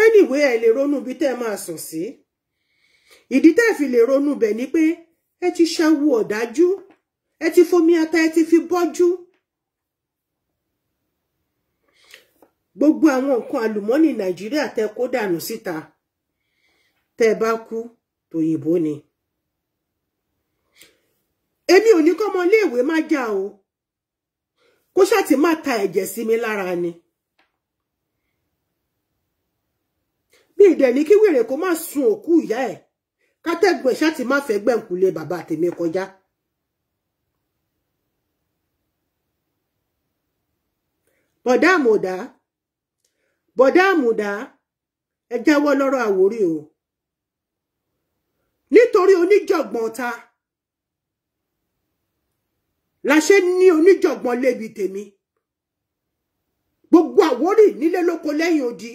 anyway ẹ lè ronú bí tẹ́ máa sùn sí ìdí tẹ́ fi lè ronú bẹ̀ ni pé ẹ ti ṣàwù ọ̀dájú ẹ ti fomi ata ẹ ti fi bọ́jú gbogbo àwọn nǹkan àlùmọ́nì nàìjíríà tẹ́ kó dànù síta tẹ́ bá kú tòyìnbó ni èmi ò ní kọ́mọ iléèwé má já o kó ṣáà ti má ta eje sí mi lára ni ìdẹ̀ ní kí wèrè kó má sun òkú ìyá ẹ̀ kátẹ́gbọ̀n ṣá ti má fẹ́ gbẹ̀ǹkulé bàbá tèmi kọjá. boda muda, bọ̀dá àmùdá ẹ jẹ́wọ́ lọ́rọ̀ àwórí o nítorí oníjọ̀gbọ̀n ta la ṣe ní oníjọ̀gbọ̀n lébi tèmi gbogbo àwórí nílé lóko lẹ́yìn odi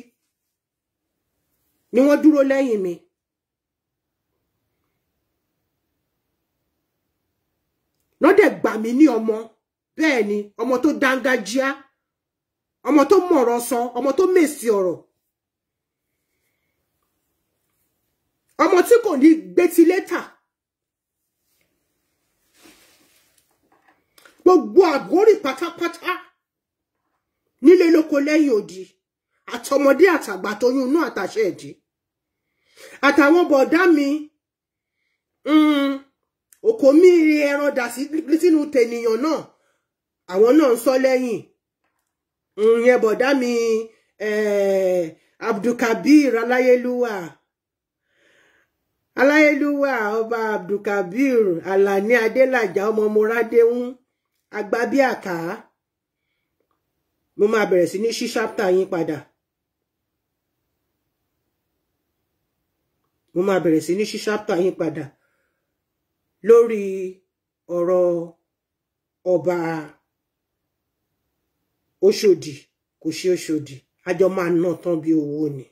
ni wọ́n dúró lẹ́yìn mi ló dẹ̀ gbà mí ní ọmọ bẹ́ẹ̀ ni ọmọ tó dángájíá ọmọ tó mọ̀rọ̀ sọ ọmọ tó mèsì ọ̀rọ̀ ọmọ tí kò ní gbétí létà gbogbo àgórí pátápátá nílé lóko lẹ́yìn odi àtọmọdé àtàgbà tóyún inú àtàṣe ẹ̀dí àtàwọn bọ̀dá mi mm, òkò mi rí ẹran dà sínú tènìyàn náà àwọn náà ń sọ lẹ́yìn ìyẹn bọ̀dá mi eh, Abdulkabir aláyélúwà aláyélúwà ọba Abdulkabir Alani Adélàjà ọmọ moradéhùn agbábíàká mo máa bẹ̀rẹ̀ sí ní ṣí ṣáptà yín padà. mo máa bẹ̀rẹ̀ sí ní ṣí ṣápítà yín padà lórí ọ̀rọ̀ ọba Ọ̀ṣọ́dì kò ṣe Ọ̀ṣọ́dì àjọ máa ná tán bí owó ni.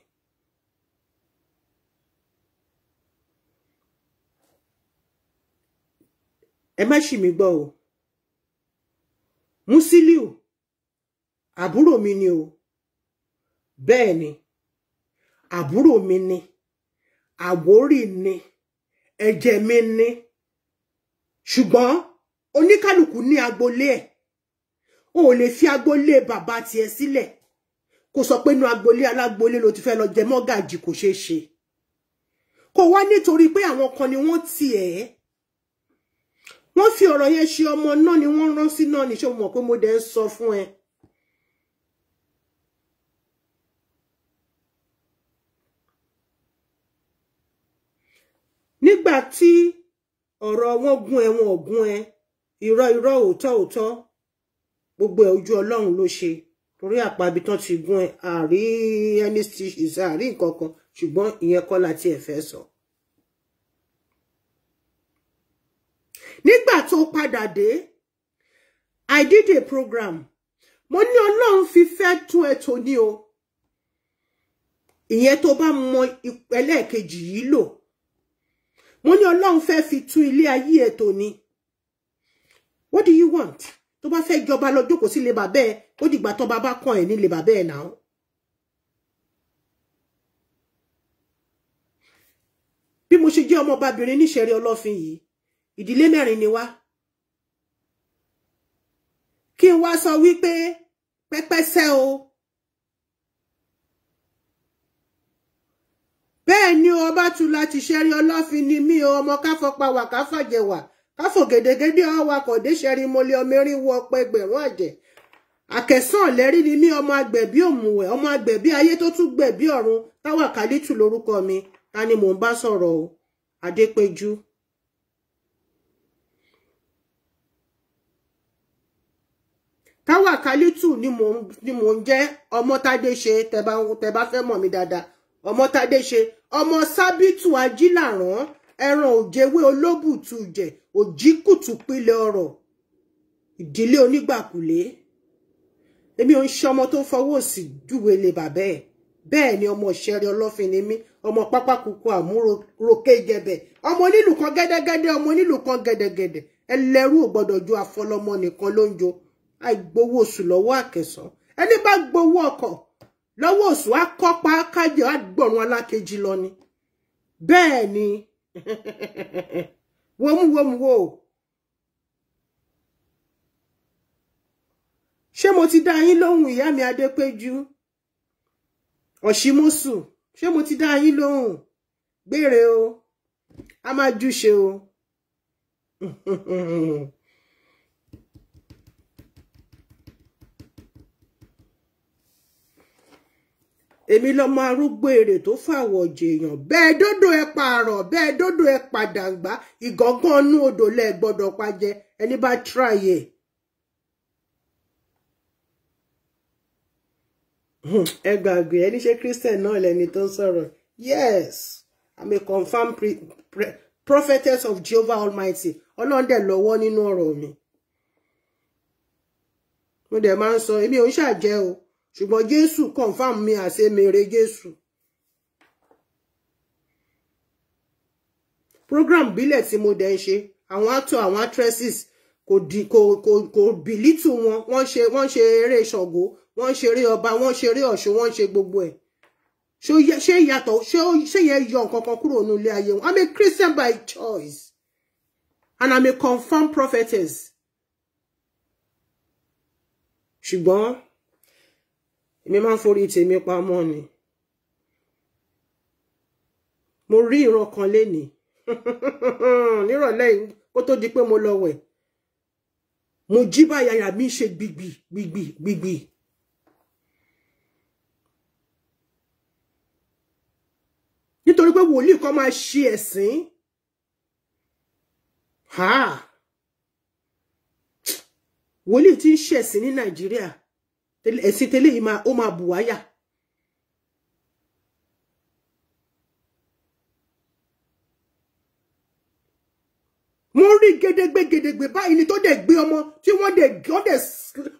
ẹ má ṣì mí gbọ́ o Musiliu àbúrò mi ni o bẹ́ẹ̀ ni àbúrò mi ni àwórì ni ẹ̀jẹ̀ mi ni ṣùgbọ́n oníkálukú ní agboolé ẹ̀ o ò lè fi agboolé bàbá tiẹ̀ sílẹ̀ kó sọ pé inú agboolé alágboolé ló ti fẹ́ lọ jẹ mọ́gàjì kò ṣeé ṣe kò wá nítorí pé àwọn kan ni wọ́n ti ẹ̀ fi ọ̀rọ̀ yẹn ṣe ọmọ náà ni wọ́n rán sí náà níṣẹ́ mọ̀ pé mo dẹ̀ ń sọ fún ẹ. nígbà tí ọ̀rọ̀ wọn gún ẹ wọn ò gún ẹ irọ́ irọ́ òótọ́ òótọ́ gbogbo ẹ̀ ojú ọlọ́run ló ṣe torí àpábi tán ti gún ẹ àrí ẹni stitches àrí nǹkan kan ṣùgbọ́n ìyẹn kọ́ la tiẹ̀ fẹ́ sọ. nígbà tó padà dé I did a program mo ní ọlọ́run fi fẹ́ tún ẹ tó ní o ìyẹn tó bá mọ ẹlẹ́ẹ̀kejì yìí lò wọ́n ní Ọlọ́run fẹ́ fi tú ilé ayé ẹ̀ tò what do you want tó bá fẹ́ jọba lọ jókòó sí ilé bàbá ẹ̀ ó dìgbà tó bá bá kàn ẹ̀ nílé bàbá ẹ̀ náà. bí mo ṣe jẹ́ ọmọbabìnrin níṣẹ̀rẹ́ ọlọ́fin yìí ìdílé mẹ́rin ni wá kí n wá sọ wípé pẹ́pẹ́sẹ́ o bẹ́ẹ̀ ni ọba tu láti ṣẹ́rí ọlọ́fin ni mí o ọmọ káfọpa wà káfàjẹwà káfò gèdègèdè ọwà kọ̀dé ṣẹ́rí mọ́lé ọmọ eríwó ọpẹ ẹgbẹ̀rún ọ̀jẹ̀ àkẹ́sàn lẹ́rí ni mí ọmọ agbẹ̀bí òmùwẹ̀ ọmọ agbẹ̀bí ayé tó tún gbẹ̀bí ọ̀run táwàkálítù lórúkọ mi ta ni mò ń bá sọ̀rọ̀ o adépẹjú. táwàkálítù ni mò ń jẹ́ ọmọ tádé ṣe tẹ bá fẹ́ mọ̀ mí dáadáa ọmọ tádé ṣe ọmọ sábìtù ajílàrán ẹran òjèwé olóbùtújẹ òjìkùtù pilẹ̀ ọ̀rọ̀ ìdílé onígbàkulé èmi ò ń ṣọmọ tó ń fọwọ́ òsì júwèlé bàbá ẹ̀ bẹ́ẹ̀ ni ọmọ ìṣẹ̀rẹ̀ ọlọ́fin ni mí ọmọ pápákùkù àmúroké gẹ̀bẹ̀ ọmọ onílù kan gẹ́dẹ́gẹ́dẹ́ ọmọ onílù kan gẹ́dẹ́gẹ́dẹ́ ẹlẹ́rú ò gbọ́dọ̀ ju àfọlọ́mọ nìkan ló ń jo àìgbowó oṣù lọ́wọ́ àkẹsàn ẹni bá gbowó ọkọ̀ lọ́wọ́ òsù á kọ́pá kaje á gbọ̀run alákejì lọ ni bẹ́ẹ̀ ni wọ́múwọ́múwọ́ ṣé mo ti dá yín lóhùn ìyá mi adépéjú ọ̀ṣímọ́sù ṣé mo ti dá yín lóhùn gbére o a máa júṣe o. èmi lọ arúgbó èrè tó fàwọ̀ jèèyàn bẹ́ẹ̀ dódò ẹ pààrọ̀ bẹ́ẹ̀ dódò ẹ padàgbà ìgọ́ngàn inú odò lẹ pajẹ ẹni bá tíráyè. Hmm, ẹ gbàgbé ẹni ṣe christian náà lẹni tó ń sọ̀rọ̀ yes i'm a confirmed pre pre prophetess of jehovah almighty lọ́wọ́ nínú ọ̀rọ̀ sọ ṣùgbọ́n Jésù confam mi àṣemèrè Jésù. program bílẹ̀ tí mo dẹ̀ ń ṣe àwọn actor àwọn actresses kò di kò kò kò bìlítù wọn wọ́n ṣe wọ́n ṣe eré Ṣàngó wọ́n ṣe eré ọba wọ́n ṣe eré Ọ̀ṣun wọ́n ṣe gbogbo ẹ̀ ṣé ìyàtọ̀ ṣé yẹ yọ nǹkan kan kúrò nínú ilé ayé wọn I'm a Christian by choice and I'm a confirmed prophetess ṣùgbọ́n èmi máa ń forí tèmi pamọ́ ni mo rí ìran kan lénìí nírọ̀lẹ́ kó tó di pé mo lọ wẹ̀ mo jí báyà yà mí ṣe gbìgbì gbìgbì gbìgbì. nítorí pé wòlíì kan máa ṣe ẹ̀sìn wòlíì tí ń ṣẹ̀sìn ní nàìjíríà ẹ̀sìn tẹ́lẹ̀ yìí máa ó máa bù wáyà. wọ́n rí gédégbé gédégbé omo ti tó dẹ̀ gbé ọmọ tí wọ́n dẹ̀ wọ́n dẹ̀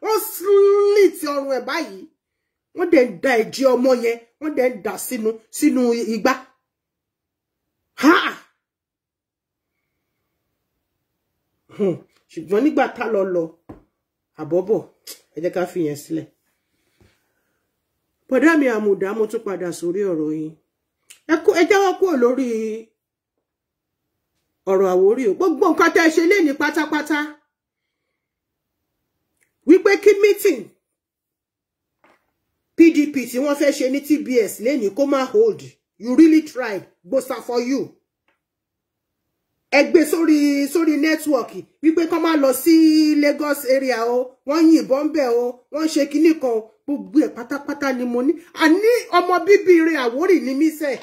wọ́n slit ọrùn ẹ̀ báyìí wọ́n dẹ̀ ń da ẹ̀jẹ̀ ọmọ yẹn wọ́n dẹ̀ ń dà sínú sínú igbá. Hmm, ṣùgbọ́n nígbà tá lọ lọ àbọ̀bọ̀ ẹ jẹ́ ká fi yẹn sílẹ̀ bọ̀dá mi àmùdá mo tún padà sórí ọ̀rọ̀ yìí ẹ jáwọ́ kúrò lórí ọ̀rọ̀ àwórí o gbogbo nǹkan tẹ́ ẹ ṣe lé ní pátápátá wípé kí meeting PDP tí wọ́n fẹ́ ṣe ní TBS lẹ́ni kó má hold you really tried gbósà for you ẹ gbé sórí sórí nẹ́tíwọ̀kì wípé kán má lọ sí Lagos area o wọ́n yìnbọn ń bẹ̀ o wọ́n ń ṣe kinní kan o gbogbo ẹ̀ pátápátá ni mo ní àní ọmọ bíbí rẹ̀ Àwórì ni mí sẹ́ẹ̀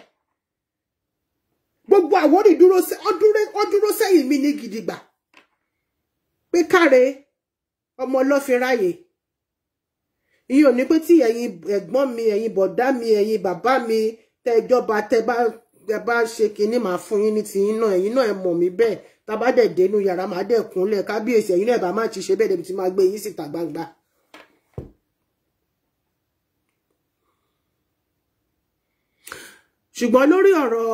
gbogbo Àwórì dúró ọdúró sẹ́yìn mi ní gidigba pé káre ọmọ ọlọ́fin ráyè ìyẹn ò ní pé tí ẹ̀yin ẹ̀gbọ́n mi ẹ̀yin bọ̀dá mi ẹ̀yin bàbá mi tẹ̀jọba tẹ bá ẹ bá ṣe kinní màá fún yín ní tiyín náà ẹ̀yin náà ẹ mọ̀ mí bẹ́ẹ̀ tá bá dẹ̀ dénú yàrá màá dẹ̀ kúnlẹ̀ kábíyèsí ẹ̀yin náà ẹ bá má ti ṣe bẹ́ẹ̀ débi tí máa gbé yín síta gbangba. ṣùgbọ́n lórí ọ̀rọ̀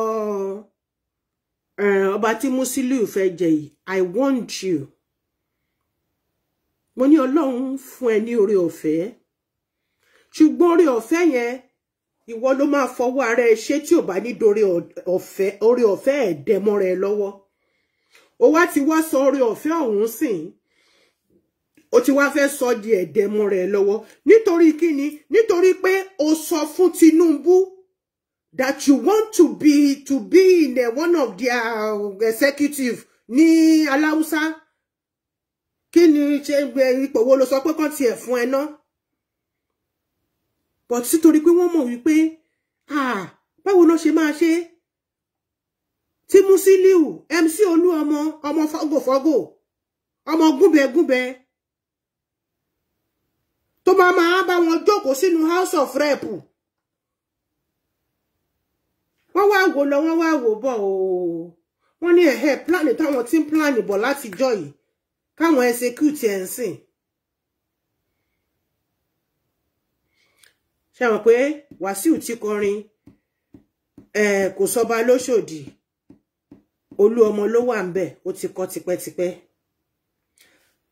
eh, ọba tí Musiliu fẹ́ jẹ yìí I want you mo ní ọlọ́run fún ẹ ní oore ọ̀fẹ́ ṣùgbọ́n oore ọ̀fẹ́ yẹn ìwọ ló máa fọwọ́ ara ẹ ṣe tí ò bá ní dorí ọ̀fẹ́ orí ọ̀fẹ́ ẹ̀ dẹmọ́ra ẹ lọ́wọ́ o wá ti wá sọ orí ọ̀fẹ́ ọ̀hún sìn o ti wá fẹ́ sọ di ẹ̀dẹ̀mọ́ra ẹ lọ́wọ́ nítorí kíni nítorí pé o sọ fún Tinubu that you want to be to be in a, one of their uh, executive ní Aláùsá kí ni ṣe ipò wo ló sọ pé kàn tiẹ̀ fún ẹ náà but sítorí pé wọ́n mọ̀ wípé báwo ló ṣe máa ṣe tí Musiliu MC Olúọmọ ọmọ fọgòfọgò ọmọ gúnbẹgúnbẹ tó máa máa bá wọn jókòó sínú house of rep wọ́n wá wò lọ wọ́n wá wò bọ̀ ooo wọ́n ní ẹ̀hẹ́ plan táwọn tí ń plan bọ̀ látijọ́ yìí káwọn execute ẹ̀ ń sìn. ṣe mọ̀ pé Wàsíù ti kọrin kò sọba lóṣòdì olú ọmọ ló wà ńbẹ̀ ó ti kọ tipẹ́tipẹ́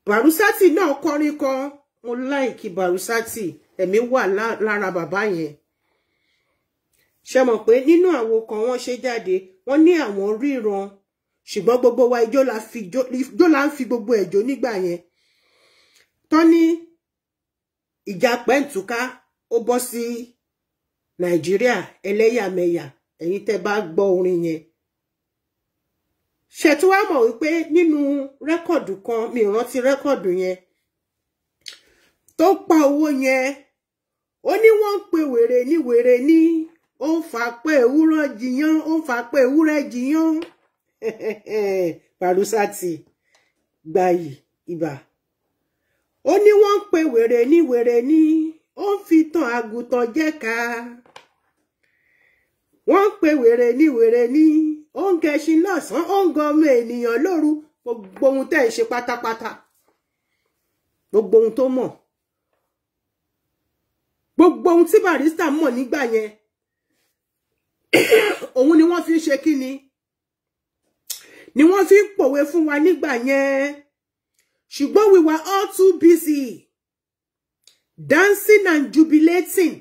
Bàrúsátì náà kọrin kan mo láìkí Bàrúsátì ẹ̀mí wà lára bàbá yẹn ṣe mọ̀ pé nínú àwo kan wọ́n ṣe jáde wọ́n ní àwọn ríran ṣùgbọ́n gbogbo wa ijó la ń fi gbogbo ẹ̀jọ́ nígbà yẹn tán ní ìjà pẹ́ǹtùká O bọ́ sí nàìjíríà ẹlẹ́yàmẹ̀yà ẹ̀yin tẹ́ bá gbọ́ orin yẹn ṣètò wa mọ̀ wípé nínú rẹ́kọ̀dù kan mi ò rántí rẹ́kọ̀dù yẹn tó pa owó yẹn ó ní wọ́n ń pe wèrè ní wèrè ní ó ń fà pé ewúrọ́ jiyán ó ń fà pé ewúrẹ́ jiyán pàrọsàtì gbayì ibà ó ní wọ́n ń pe wèrè ní wèrè ní ó ń fi tan àgùntàn jẹ́ka wọ́n ń pe wèrè ni wèrè ní ó ń gẹṣin lọ́sàn-án ó ń gọmọ ènìyàn lóru gbogbo ohun tẹ́ ẹ̀ ṣe pátápátá gbogbo ohun tó mọ̀ gbogbo ohun tí barista mọ̀ nígbà yẹn òun ni wọ́n fi ń ṣe kí ni ni wọ́n fi ń pòwe fún wa nígbà yẹn ṣùgbọ́n we were all too busy dancing and jubilating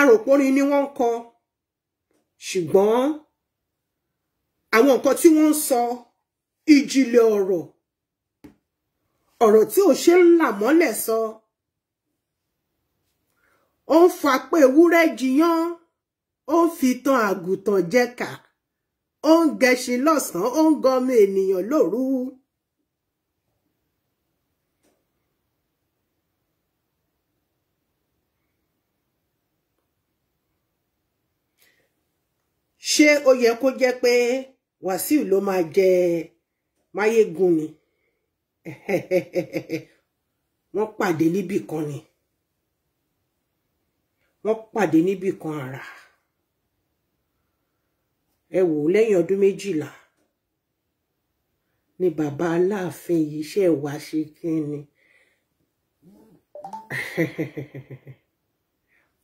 aròpórin ni wọ́n ń kọ ṣùgbọ́n àwọn nǹkan tí wọ́n ń sọ ìjìnlẹ̀ ọ̀rọ̀ ọ̀rọ̀ tí ò ṣe ń là mọ́lẹ̀ sọ ó ń fa pé ewúrẹ́ jiyán ó ń fi tan àgùntàn jẹ̀ka ó ń gẹṣin lọ́sàn-án ṣé ó yẹ kó jẹ́ pé Wàsíù ló máa jẹ Máyégún ni wọ́n pàdé níbì kan ni wọ́n pàdé níbì kan àrà ẹ wò lẹ́yìn ọdún méjìlá ni bàbá Aláàfin yìí ṣe wá ṣe kíni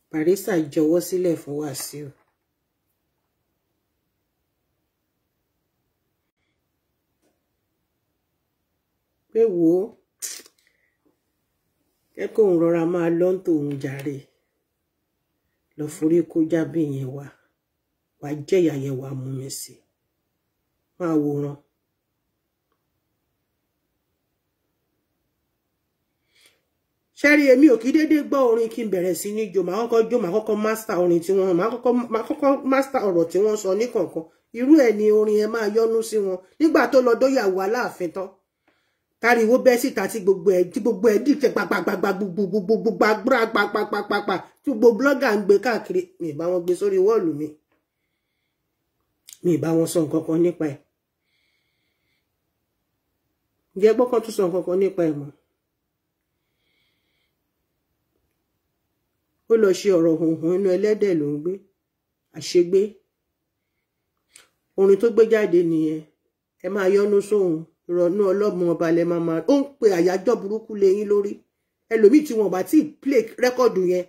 Barrister jọ̀wọ́ sílẹ̀ fún Wàsíù. pé wò ó kẹ́kọ̀ọ́ òun rọra máa lọ ń tòun jàre lọ forí kó jábí yẹn wá wàá jẹ̀yà yẹn wàá mú mi sí máa wòran ṣẹ́rí èmi ò kí déédéé gbọ́ orin kí n bẹ̀rẹ̀ sí ní jó màá kọ́kọ́ jó màá kọ́kọ́ mástà orin tí wọ́n màá kọ́kọ́ màá kọ́kọ́ mástà ọ̀rọ̀ tí wọ́n sọ ní kọ̀ọ̀kan irú ẹ̀ ni orin ẹ̀ máa yọ́nú sí wọn nígbà tó lọ dóyàwó aláàfin tán káriwo bẹ́ síta tí gbogbo ẹ̀ tí gbogbo ẹ̀ dìtẹ̀ gbàgbàgbàgbà gbogbogbogbogbà gbàgbàgbàgbà tí gbogbo blọ́gà ń gbé káàkiri mi bá wọn gbé sórí wọ́ọ̀lù mi mi bá wọn sọ nǹkan kan nípa ẹ̀ ǹjẹ́ gbọ́kàn tún sọ nǹkan kan nípa ẹ̀ mọ́ ó lọ ṣe ọ̀rọ̀ hùnhùn inú ẹlẹ́dẹ̀ ló ń gbé àṣegbé orin tó gbé jáde nìyẹn ẹ máa yọnu sóhun. So ìrọ̀nù ọlọ́mọ ọba lẹ máa máa ó ń pe àyájọ́ burúkú lẹ́yìn lórí ẹlòmíì tí wọn bá tí ì play rẹ́kọ̀dù yẹn.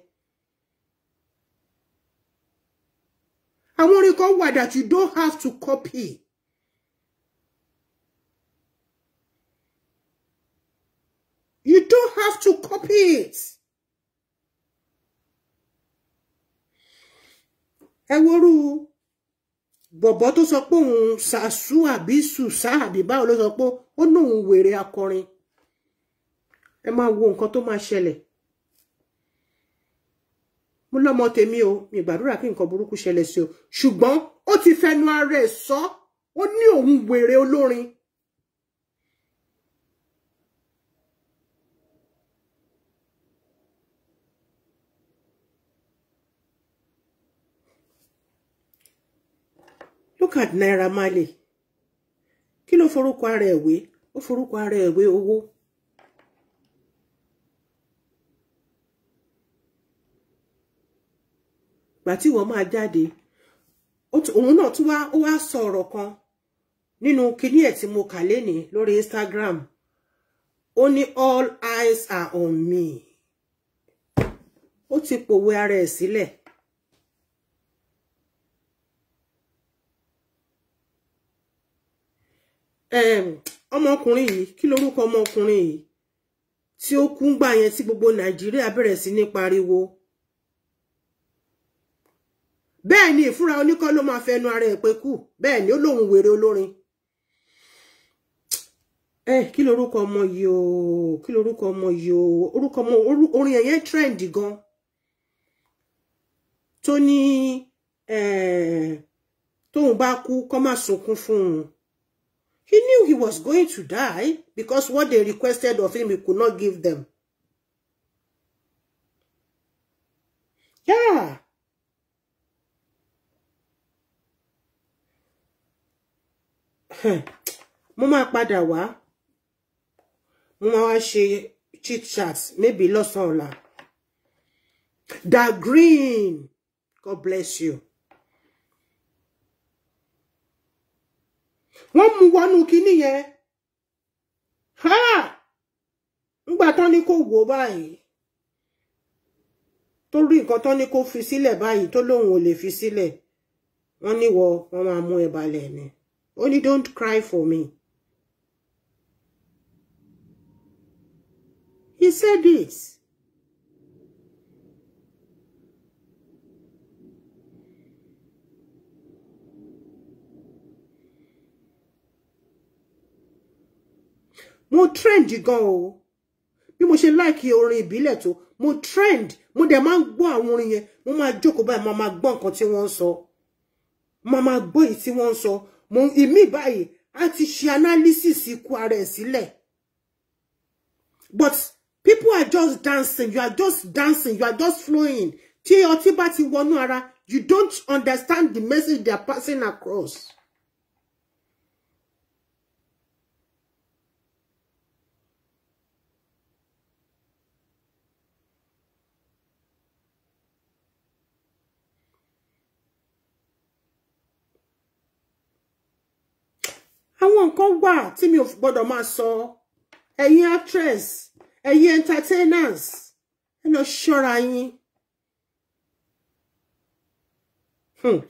àwọn orin kan wà that you don't have to copy. You don't have to copy it. ẹ worú bọ̀bọ̀ tó sọ pé òun ṣàṣù àbí ṣùṣà àbí báwo ló sọ pé ó lóun wèrè akọrin ẹ máa wo nǹkan tó máa ṣẹlẹ̀ mo lọ́mọ tèmi o mi gbàdúrà kí nǹkan burúkú ṣẹlẹ̀ sí o ṣùgbọ́n ó ti fẹnu ara ẹ̀ sọ ó ní òun wèrè olórin look at Naira Marley kí ló forúkọ ara ẹ̀wé ó forúkọ ara ẹ̀wé owó. gbà tí wọ́n máa jáde òun náà tún wá ó wá sọ ọ̀rọ̀ kan nínú kinní ẹ̀ tí mo kà lénìí lórí Instagram ó ní all eyes are on me ó ti pòwe ara ẹ̀ sílẹ̀. Si ọmọkùnrin yìí kí lorúkọ ọmọkùnrin yìí tí ó kú gbà yẹn tí gbogbo nàìjíríà bẹ̀rẹ̀ sí ní pariwo bẹ́ẹ̀ ni ìfúnra oníkọ́ ló máa fẹnu ara ẹ̀ pé kú bẹ́ẹ̀ ni ó lóun wèrè olórin ẹ kí lorúkọ ọmọ yìí o kí lorúkọ ọmọ yìí o orúkọ ọmọ orin ẹ̀yẹn trend gan tó ní tóun bá kú kó má sunkún fún un He knew he was going to die because what they requested of him, he could not give them. Yeah. Mama Padawa, Mama she Mo máa maybe lost all that. That Green. God bless you. wọ́n mú wọnú kinní yẹn ha ńgbà tán ni kò wò báyìí tó rí nǹkan tán ni kò fi sílẹ̀ báyìí tó lóun ò lè fi sílẹ̀ wọ́n ní wọ wọ́n máa mú ẹ balẹ̀ ni ó ní don't cry for me. He said this. Mo trend gan o bí mo ṣe like orin ìbílẹ̀ tó mo trend mo dẹ̀ máa ń gbọ́ orin yẹn mo máa jókòó báyìí mo máa gbọ́ nǹkan tí wọ́n ń mo máa gbọ́ èyí tí wọ́n ń sọ mo ìmí báyìí a ti ṣe analysis ikú ara ẹ̀ but people are just dancing you are just dancing you are just flowing tí ọtí bá ti wọnú ara you don't understand the message they are passing across. wà tí mi ò gbọ́dọ̀ máa sọ ẹ̀yin actress ẹ̀yin entertainers ẹ lọ ṣọ́ra Hmm.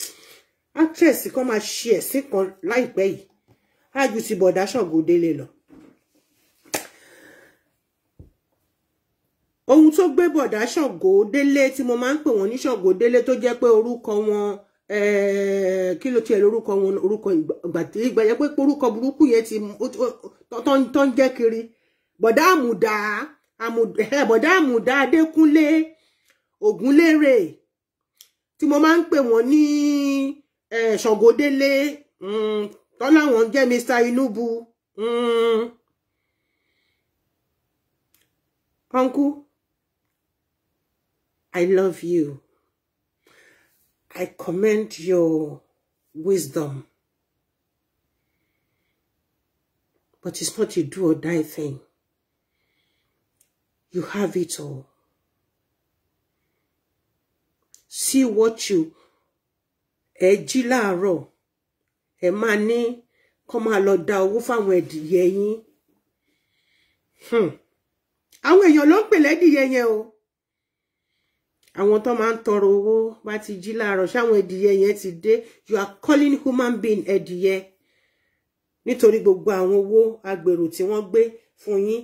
actress kan máa ṣe ẹ̀sìn kan láìpẹ́ yìí á ju ti bọ̀dá ṣọ̀gòdélé lọ. ohun tó gbé bọ̀dá ṣọ̀gòdélé tí mo máa ń pè wọ́n ní ṣọ̀gòdélé tó jẹ́ pé orúkọ wọn Eh, kí ló tiẹ̀ lórúkọ wọn orúkọ ìgbà yẹn pé orúkọ burúkú yẹn ti tó ń jẹ́ kiri bọ̀dá àmùdá eh, bọ̀dá àmùdá adékúnlé ògúnlérè tí mo máa ń pè wọ́n ní eh, ṣọ̀gọ́délé mm, tọ́láwọn jẹ́ mr inubu uncle mm. i love you. I commend your wisdom. But it's not a do or die thing. You have it all. See what you ẹ jí láàárọ̀ ẹ máa ní kó máa lọ da owó fáwọn ẹdìyẹ yín. Hmm. Àwọn èèyàn ló ń pè lẹ́dìyẹ yẹn o àwọn tó máa ń tọrọ owó bá ti jí láàárọ̀ ṣáwọn ẹdìyẹ yẹn ti dé you are calling human being ẹdìyẹ nítorí gbogbo àwọn owó agbèrò tí wọ́n gbé fún yín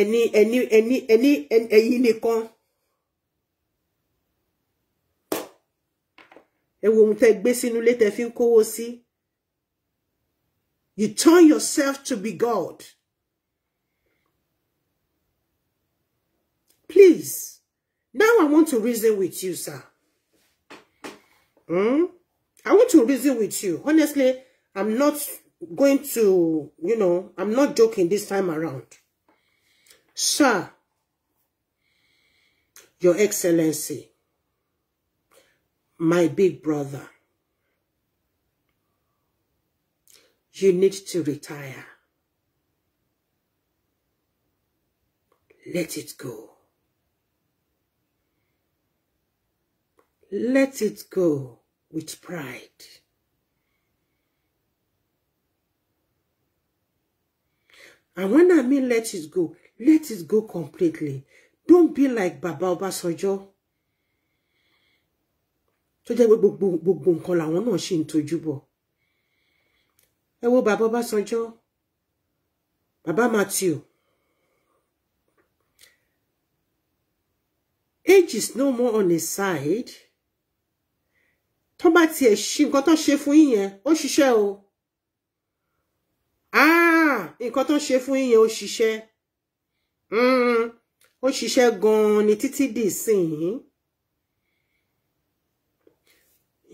ẹni ẹni ẹni ẹni ẹ̀yin nìkan ẹ wo ohun tẹ́ gbé sínú ilé tẹ́ fi ń kówó sí you turn yourself to be God please. Now I want to reason with you, sir. Hmm? I want to reason with you. Honestly, I'm not going to, you know, I'm not joking this time around. Sir, Your Excellency, my big brother, you need to retire. Let it go. Let it go with pride. And when I mean let it go, let it go completely. Don't be like Baba Obasanjo. Tó jẹ́ gbogbo gbogbo nǹkan làwọn náà ṣì ń tojú bọ̀. Ẹ wo Baba Obasanjo, Baba Matthew. Age is no more on his side tó bá tiẹ̀ ṣe nǹkan tó ṣe fún yín yẹn ó ṣiṣẹ́ o ah, nǹkan tó ṣe fún yín yẹn ó ṣiṣẹ́ mm-hmm. ó ṣiṣẹ́ gan-an ni títí dì sìn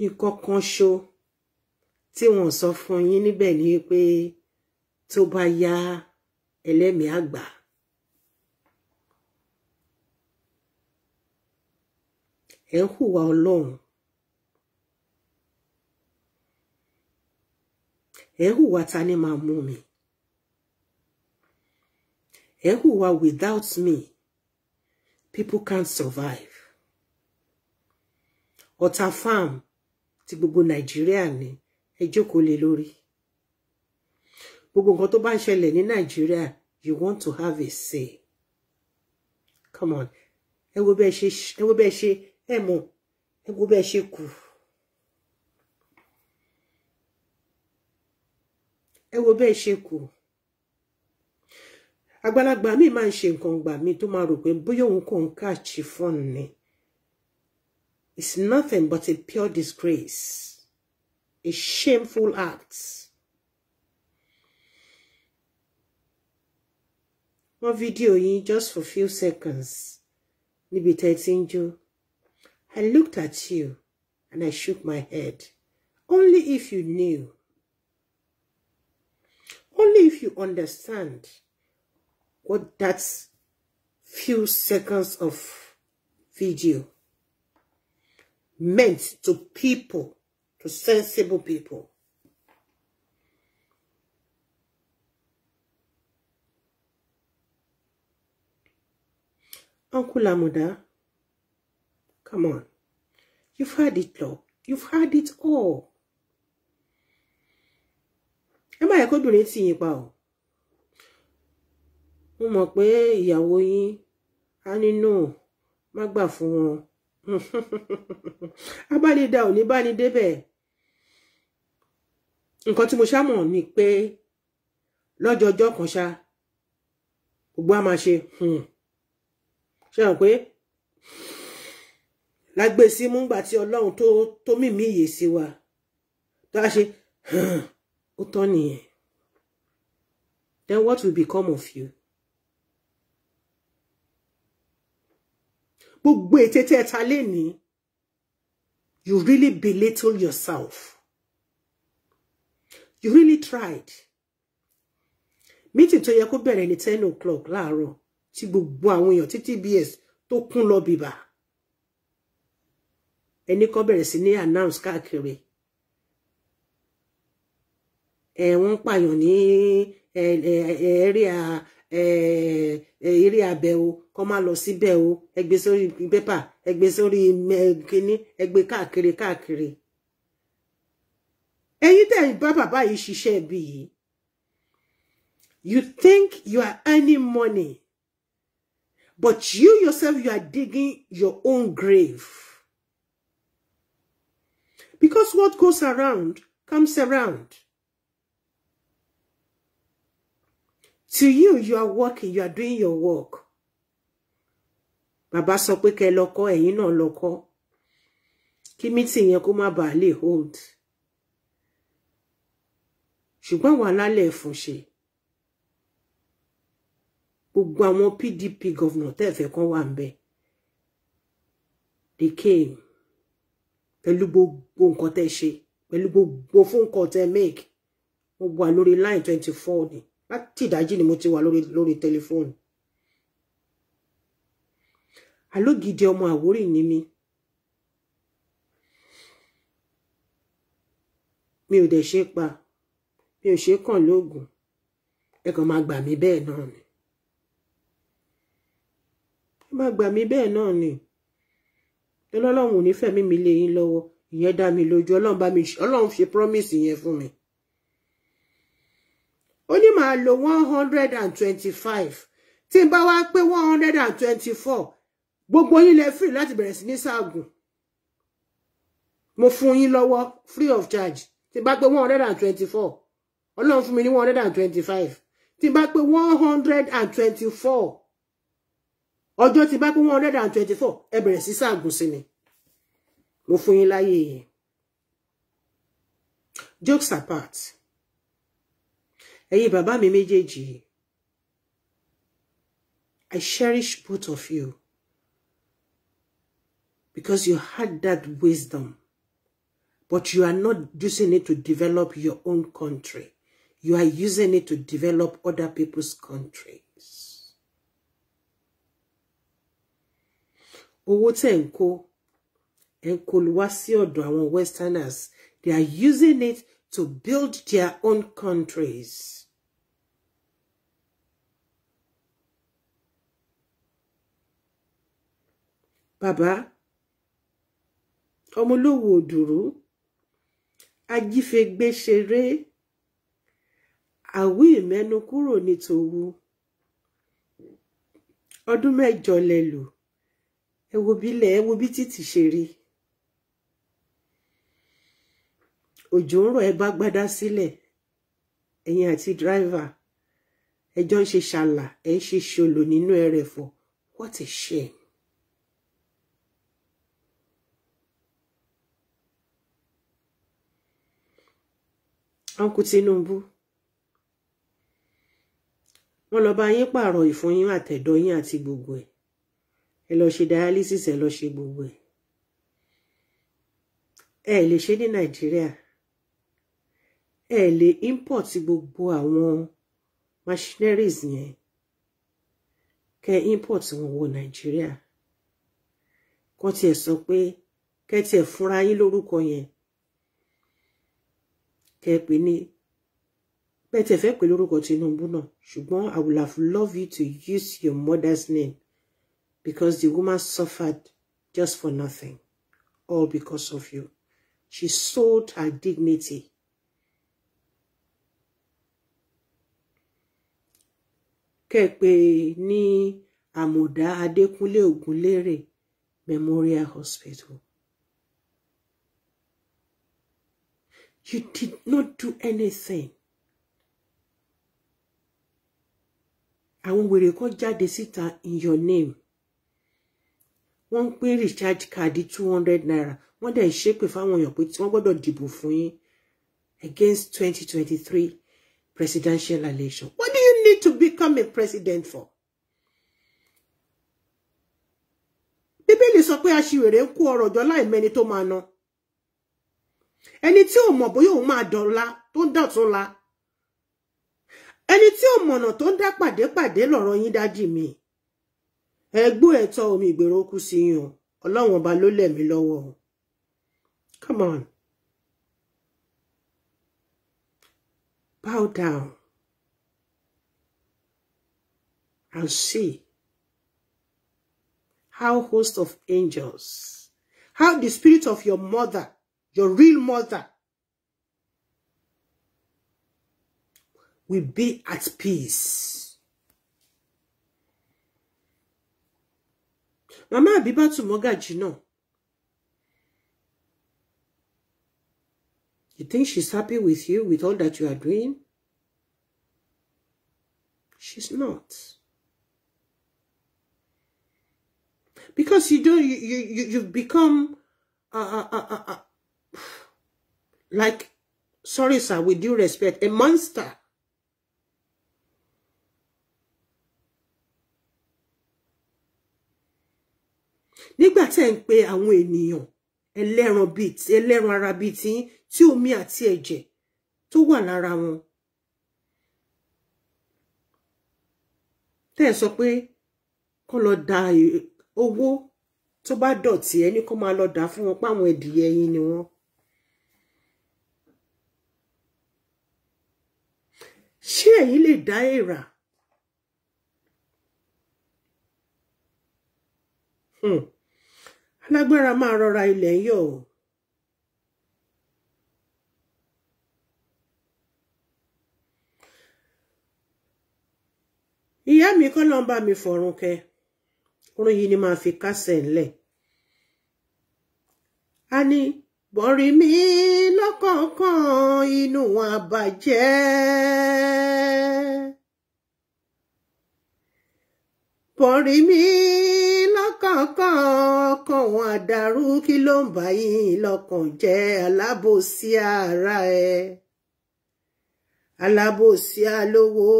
nǹkan kan ṣo tí wọ́n sọ fún yín níbẹ̀ ni pé tó bá yá ẹlẹ́mìí àgbà. ẹ ń hùwà ọlọ́run ẹ hùwà ta ni máa mú mi ẹ hùwà without me people can't survive Ọ̀tà farm ti gbogbo Nàìjíríà ni ẹ jókòó lé lórí gbogbo nǹkan to bá ń ṣẹlẹ̀ Nigeria. you want to have a say come on ẹ wo bẹ́ẹ̀ ṣe ẹ mọ̀ ẹ wo be ṣe kù. ẹ wo bẹ́ẹ̀ ṣe kù àgbàlagbà mi máa ń ṣe nǹkan gbà mí tó máa rò pé bóyá òun kò ń káàchì fún ni it's nothing but a pure disgrace a shameful act. wọ́n fídíò yín just for few seconds níbi tẹ́ ti ń jó I looked at you and I shook my head only if you knew Only if you understand what that few seconds of video meant to people, to sensible people. Uncle Amuda, come on. You've had it, love. You've had it all. ẹ má yẹ kóbìnrin tì yín pa o mo mọ̀ pé ìyàwó yín á nínú má gbà fún wọn abánidá ò ní bá ní débẹ̀ nǹkan tí mo ṣá mọ̀ ni pé lọ́jọọjọ́ kan ṣá gbogbo a máa ṣe hmm. ṣe hàn pé lágbèsí múngbà tí Ọlọ́run tó tó mímí ìyè sí wa tó a ṣe hmm ó then what will become of you. gbogbo ètè tẹ́ ẹ you really belittle yourself you really tried meeting tó yẹ kó bẹ̀rẹ̀ ní ten o'clock láàárọ̀ ro. gbogbo àwọn èèyàn tí TBS to kún lọ bìbà ẹni kọ́ bẹ̀rẹ̀ sí ní announce káàkiri ẹ wọ́n pààyàn ní area eré abẹ o kọ má lọ síbẹ̀ o ẹgbẹ́ sórí pépà ẹgbẹ́ sórí kíní ẹgbẹ́ káàkiri káàkiri ẹ̀yin tẹ́ bá bàbá yìí ṣiṣẹ́ bí yìí you think you are earning money but you yourself you are digging your own grave because what goes around comes around. To you, you are working, you are doing your work. Baba sọ pé kẹ́ lọ kọ́ ẹ̀yin náà lọ kọ́. Kí meeting yẹn kó má bàa lè hold. Ṣùgbọ́n àwọn alálẹ̀ ẹ̀fún ṣe. Gbogbo àwọn PDP gọ́vnà tẹ́ẹ̀fẹ́ kan wà ń They came pẹ̀lú gbogbo nǹkan tẹ́ ṣe pẹ̀lú gbogbo fóònù kan tẹ́ make. Wọ́n wà lórí line twenty four ni láti ìdájí ni mo ti wà lórí lórí tẹlifóònù alógidi ọmọ Àwórì ni mi mi ò dẹ̀ ṣe pa mi ò ṣe kàn lóògùn ẹ kàn máa gbà mí bẹ́ẹ̀ náà ni ẹ máa gbà mí bẹ́ẹ̀ náà ni ọlọ́run ò ní fẹ̀mí mi lé yín lọ́wọ́ ìyẹn dá mi lójú ọlọ́run bá mi ọlọ́run ṣe promise yẹn fún mi máa lo one hundred and twenty-five tí n one hundred and twenty-four gbogbo yín le free láti bẹ̀rẹ̀ sí ní ṣaagùn mo fún yín lọ́wọ́ free of charge tí n bá pé one hundred and twenty-four ọlọ́run fún mi ní one hundred and twenty-five tí n bá pé one hundred and twenty-four ọjọ́ tí one hundred and twenty-four ẹ bẹ̀rẹ̀ sí ṣaagùn ni mo fún yín láyé jokes apart ẹ̀yin bàbá mi méjèèjì I cherish both of you because you had that wisdom but you are not using it to develop your own country you are using it to develop other people's countries. owó tẹ̀ ń kó ẹ̀ ń kó wá sí ọ̀dọ̀ àwọn westerners they are using it to build their own countries. Baba, ọmọlówó òdùrú ajífẹgbẹ ṣeré àwí ìmẹnu kúrò ní tòwu ọdún mẹ́jọ lẹ lò ẹ wo bílẹ ẹ wo bí títì ṣe rí òjò ń rọ̀ ẹ bá gbádá sílẹ̀ ẹ̀yin àti dírìvà ẹjọ ń ṣe ṣàlà ẹ ń ṣe ṣòlò nínú ẹrẹ̀fọ̀ what a shame. ọkù Tinubu wọ́n lọ bá yín pààrọ̀ ìfun yín àtẹ̀dọ̀ yín àti gbogbo ẹ̀ ẹ lọ ṣe dialysis ẹ lọ ṣe gbogbo ẹ̀ ẹ lè ṣe ní Nàìjíríà ẹ lè import gbogbo àwọn machineries yẹn kẹ import wọn wọ Nàìjíríà kọ́ tiẹ̀ sọ pé kẹ́ tiẹ̀ fúnra yín lórúkọ yẹn kẹ ẹ pè ní bẹ́ẹ̀ tẹ̀ fẹ́ pè lórúkọ Tinubu náà ṣùgbọ́n I would have loved you to use your mother's name because the woman suffered just for nothing all because of you she sold her dignity kẹ ẹ pè ní Àmọ̀dá Adékúnlé Ògúnlérè Memorial Hospital You did not do anything. Àwọn wèrè kan jáde síta in your name. Wọ́n ń pín recharge card two hundred naira. Wọ́n dẹ̀ ń ṣépè fáwọn èèyàn pé tí wọ́n gbọ́dọ̀ dìbò fún yín against twenty twenty three presidential election. What do you need to become a president for? Bíbélì sọ pé aṣiwèrè ń kó ọrọ̀ jọ láì mẹ́ni tó máa ná ẹni tí ò mọ̀ bóyá òun máa dọ̀la tó ń dọ̀tún la ẹni tí ò mọ̀nà tó ń dá pàdépàdé lọ̀rọ̀ yín dádì mi ẹgbó ẹ̀tọ́ omi ìgbèrò kú sí yín o ọlọ́run ọba ló lẹ̀ mí lọ́wọ́ o come on bow down and see how host of angels how the spirit of your mother your real mother, will be at peace. Mama to Mogaji náà. You think she's happy with you, with all that you are doing? She's not. Because you don't, you, you, you, you've become a, a, a, a, Like, sorry, sir, with due respect, a monster. Nígbà tẹ́ ń pe àwọn ènìyàn ẹlẹ́ran bíi ti ẹlẹ́ran ara bíi ti tí omi àti ẹ̀jẹ̀ tó wà lára wọn. Tẹ́ ẹ sọ pé kó lọ da owó tó bá dọ̀tí ẹni kó máa lọ dà fún wọn páwọn ẹ̀dìyẹ yín ni wọ́n. ṣé ẹ̀yin lè dá èrà hmm. alágbára máa rọra ilẹ̀ yọ̀ o. ìyá mi kọ́ ló ń bá mi fọ̀run kẹ orun yìí ni màá fi kásẹ̀ ńlẹ̀ a ní bọ̀rí mi lọ́kọ̀ọ̀kan inú àbàjẹ́. bọ̀rí mi lọ́kọ̀ọ̀kan ọkàn wọn àdàrú kí ló ń bá yín lọ́kàn jẹ́ alábòsí ara ẹ alábòsí alówó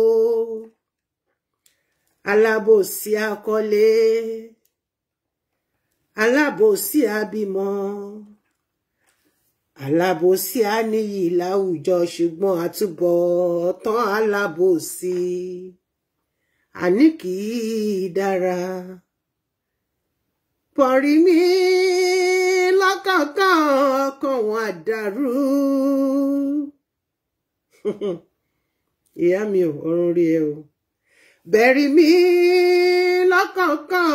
alábòsí akọ́lé alábòsí abímọ alábòsí á níyì láwùjọ ṣùgbọ́n àtúbọ̀tán alábòsí àní kì í dára pọ̀rí mi lọ́kọ̀ọ̀kan ọkàn wọn àdàrú ìyá mi ò ọrùn rí ẹ o bẹ̀rí mi lọ́kọ̀ọ̀kan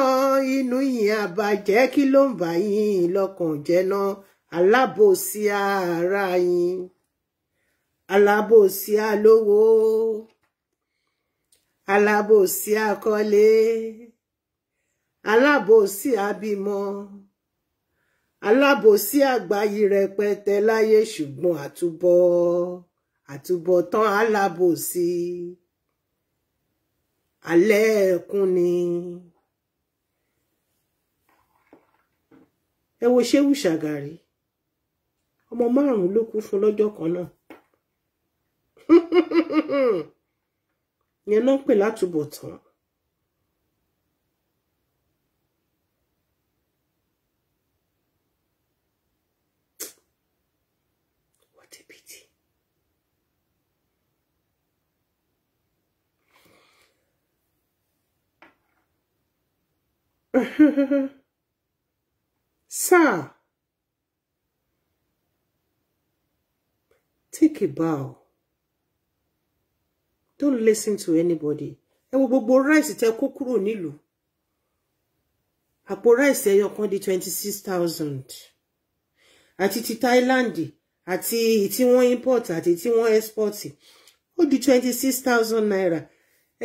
inú yìí àbàjẹ́ kí ló ń bà yín lọ́kàn jẹ́ náà alábòsí ara yín alábòsí alówó alábòsí akọ́lé alábòsí abímọ alábòsí àgbáyé rẹpẹtẹ láyé ṣùgbọ́n àtúbọ àtúbọ̀tán alábòsí alẹ́ ẹkún ni ẹ wo ṣéwù ṣàgàrí ọmọ márùn-ún ló kú fún lọ́jọ́ kan náà yẹn náà ń pè látúbọ̀tán what a Take a bow. Don't listen to anybody. Ẹ wo gbogbo rice tẹ́ kó kúrò nílùú. Àpò rice ẹyọ kan di twenty six thousand. Àti ti Thailand Ati tí wọ́n import Ati tí wọ́n export O di twenty six thousand naira.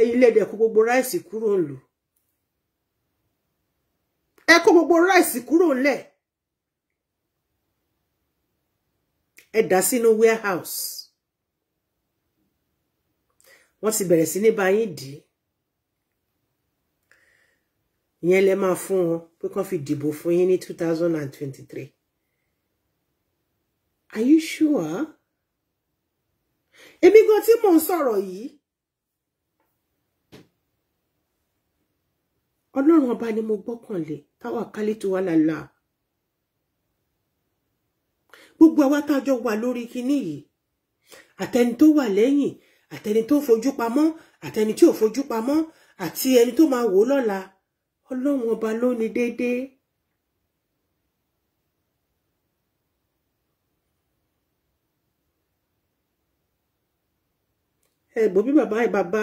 Ẹ̀yin lẹ́dẹ̀ kó gbogbo rice kúrò nílùú. Ẹ kó gbogbo rice kúrò nílẹ̀. ẹ dà sínú warehouse wọ́n ti bẹ̀rẹ̀ sí ní bá yín dì í ìyẹn lẹ máa fún wọn pé kán fi dìbò fún yín ní two thousand and twenty-three are you sure èmi gan tí mò ń sọ̀rọ̀ yìí ọlọ́run ọba ni mo gbọ́kànlé táwa kálí tó wà lálàá gbogbo àwa tá a jọ wà lórí kinní yìí àtẹni tó wà lẹ́yìn àtẹni tó fojú pamọ́ àtẹni tí ò fojú pamọ́ àti ẹni tó máa wò lọ́la ọlọ́run ọba ló déédéé. ẹ̀gbọ́n bí bàbá bàbá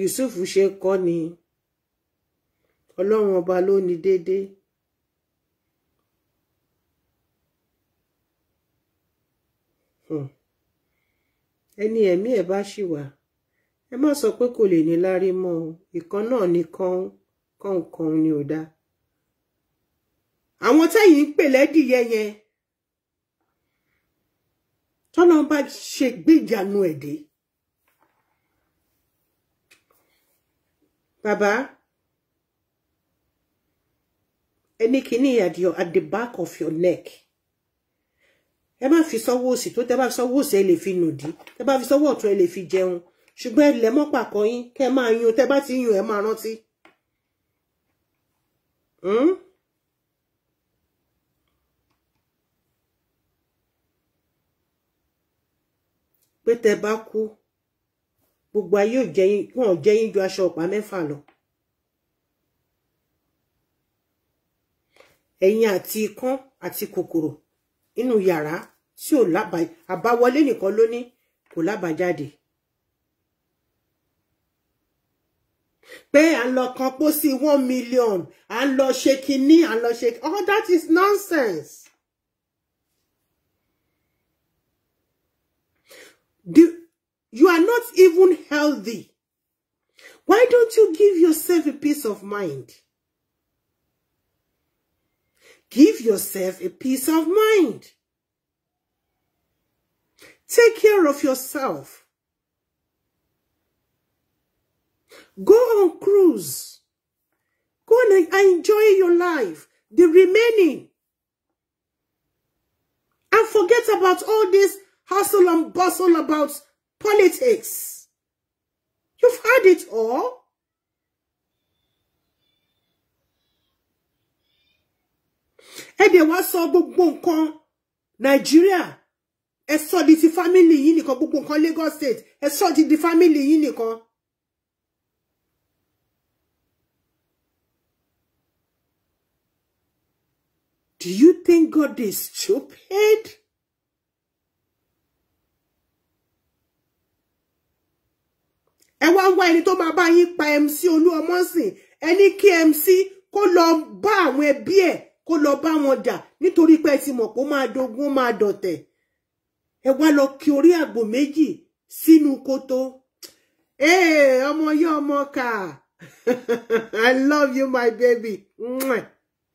Yusuf ṣe kọ́ ni ọlọ́run ọba ló déédéé. Hmm. ẹni ẹ̀mí ẹ̀ bá ṣì wà ẹ má sọ pé kò lè ní lárí mọ́ o ìkan náà ni kọ́hún kọ́hún kọ́hún ni ò dáa àwọn tẹ́yìn ń pè lẹ́dìyẹ yẹn tọ́nà bá ṣe gbéjànú ẹ̀dẹ́ bàbá ẹni kìíní at your at the back of your neck ẹ má fi sọ́wọ́ òsì tó tẹ́ bá fi sọ́wọ́ òsì ẹ lè fi nùdí tẹ́ bá fi sọ́wọ́ ọ̀tún ẹ lè fi jẹun ṣùgbọ́n ẹ lẹ̀ mọ́ pàkọ́ yín kẹ́ ẹ máa yun tẹ́ bá ti yun ẹ máa rántí. Hmm? pé tẹ́ bá kú gbogbo ayé ò jẹyìn wọn ò jẹyìn ju aṣọ ọ̀pá mẹ́fà lọ. ẹ̀yin àti ikán àti kòkòrò Inu yara, tí ò lábà àbáwọlé nìkan ló ní kò lábàjáde pé à ń lọ kan pósí one million à lo lọ ṣe kinní lo ń lọ all oh, that is nonsense. Do you are not even healthy. Why don't you give yourself a peace of mind? Give yourself a peace of mind. Take care of yourself. Go on cruise. Go and enjoy your life, the remaining. And forget about all this hustle and bustle about politics. You've had it all. ẹ dẹ̀ wá sọ gbogbo nǹkan nàìjíríà ẹ sọ di ti family yìí nìkan gbogbo nǹkan Lagos State ẹ sọ di ti fámìlì yìí nìkan. Do you think God is stupid? Ẹ wá ń wá ẹni tó máa bá yín pa MC Olúọmọ́sìn ẹni kí MC kó lọ bá àwọn ẹbí ẹ̀ kó lọ bá wọn jà nítorí pé ti mọ̀ kó máa dogun máa dọ̀tẹ̀ ẹ wá lọ kí orí àgbò méjì sínú kòtò ee ọmọ yẹ ọmọ kà i love you my baby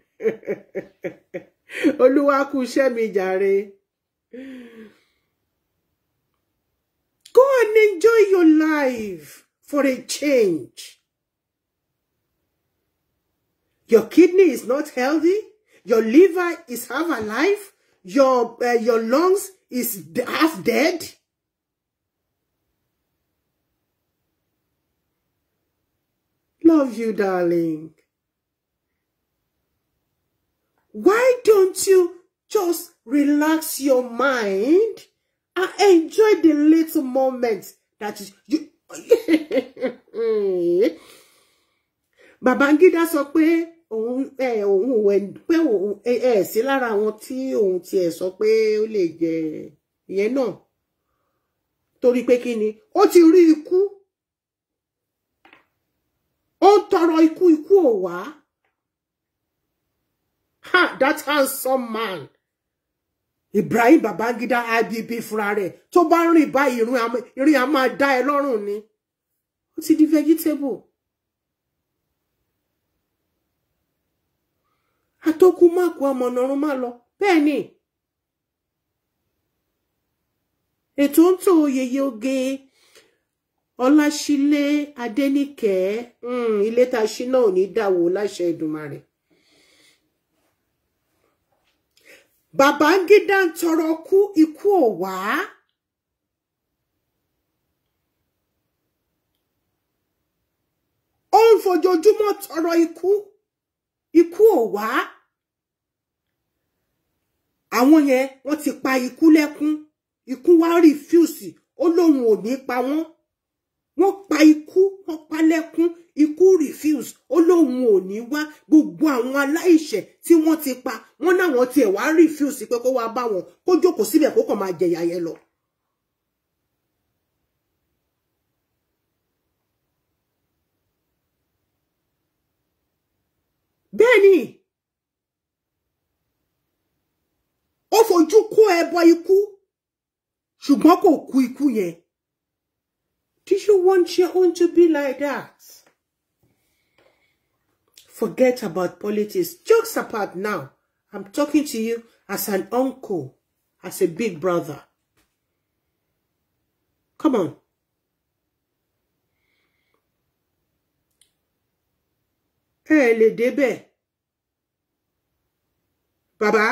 olúwa kú iṣẹ́ mi jàre go and enjoy your life for a change your kidney is not healthy. Your liver is half alive. Your, uh, your lungs is half dead. Love you, darling. Why don't you just relax your mind and enjoy the little moments that you... Babangida sọ pé òun ẹ òun ò ẹ pé òun ẹ sí lára àwọn tí òun tiẹ̀ sọ pé ó lè jẹ ìyẹn náà torí pé kí ni ó ti rí ikú ó ń tọrọ ikú ikú ò wá ha that handsome man Ibrahim Babangida IBB fúnra rẹ̀ tó bá ń rìn báyìí ìrìn a máa dá ẹ lọ́rùn ni ó ti di vegetable. atókù má kú amọ̀nà ọ̀run má lọ bẹ́ẹ̀ yeye oge ọláṣílé adẹnìkẹ hmm, ilé tá a ṣí náà ò ní dáwó láṣẹ Èdùmàrè Babangida ń tọrọ kú ikú ò wá. ó ikú ò wá àwọn yẹn wọ́n ti pa ikú lẹ́kún ikú wá rìfúùsì ó lóun ò ní pa wọ́n wọ́n pa ikú wọ́n pa lẹ́kún ikú refuse ó lóun ò ní wá gbogbo àwọn aláìṣẹ̀ tí wọ́n ti pa wọ́n náà wọ́n tiẹ̀ wá refuse pé kó wá bá wọn kó jókòó síbẹ̀ kó kàn máa jẹyà yẹn lọ. wá ikú ṣùgbọ́n kò kú ikú yẹn did you want your own to be like that forget about politics jokes apart now i'm talking to you as an uncle as a big brother come on. ẹ lè débẹ̀ bàbá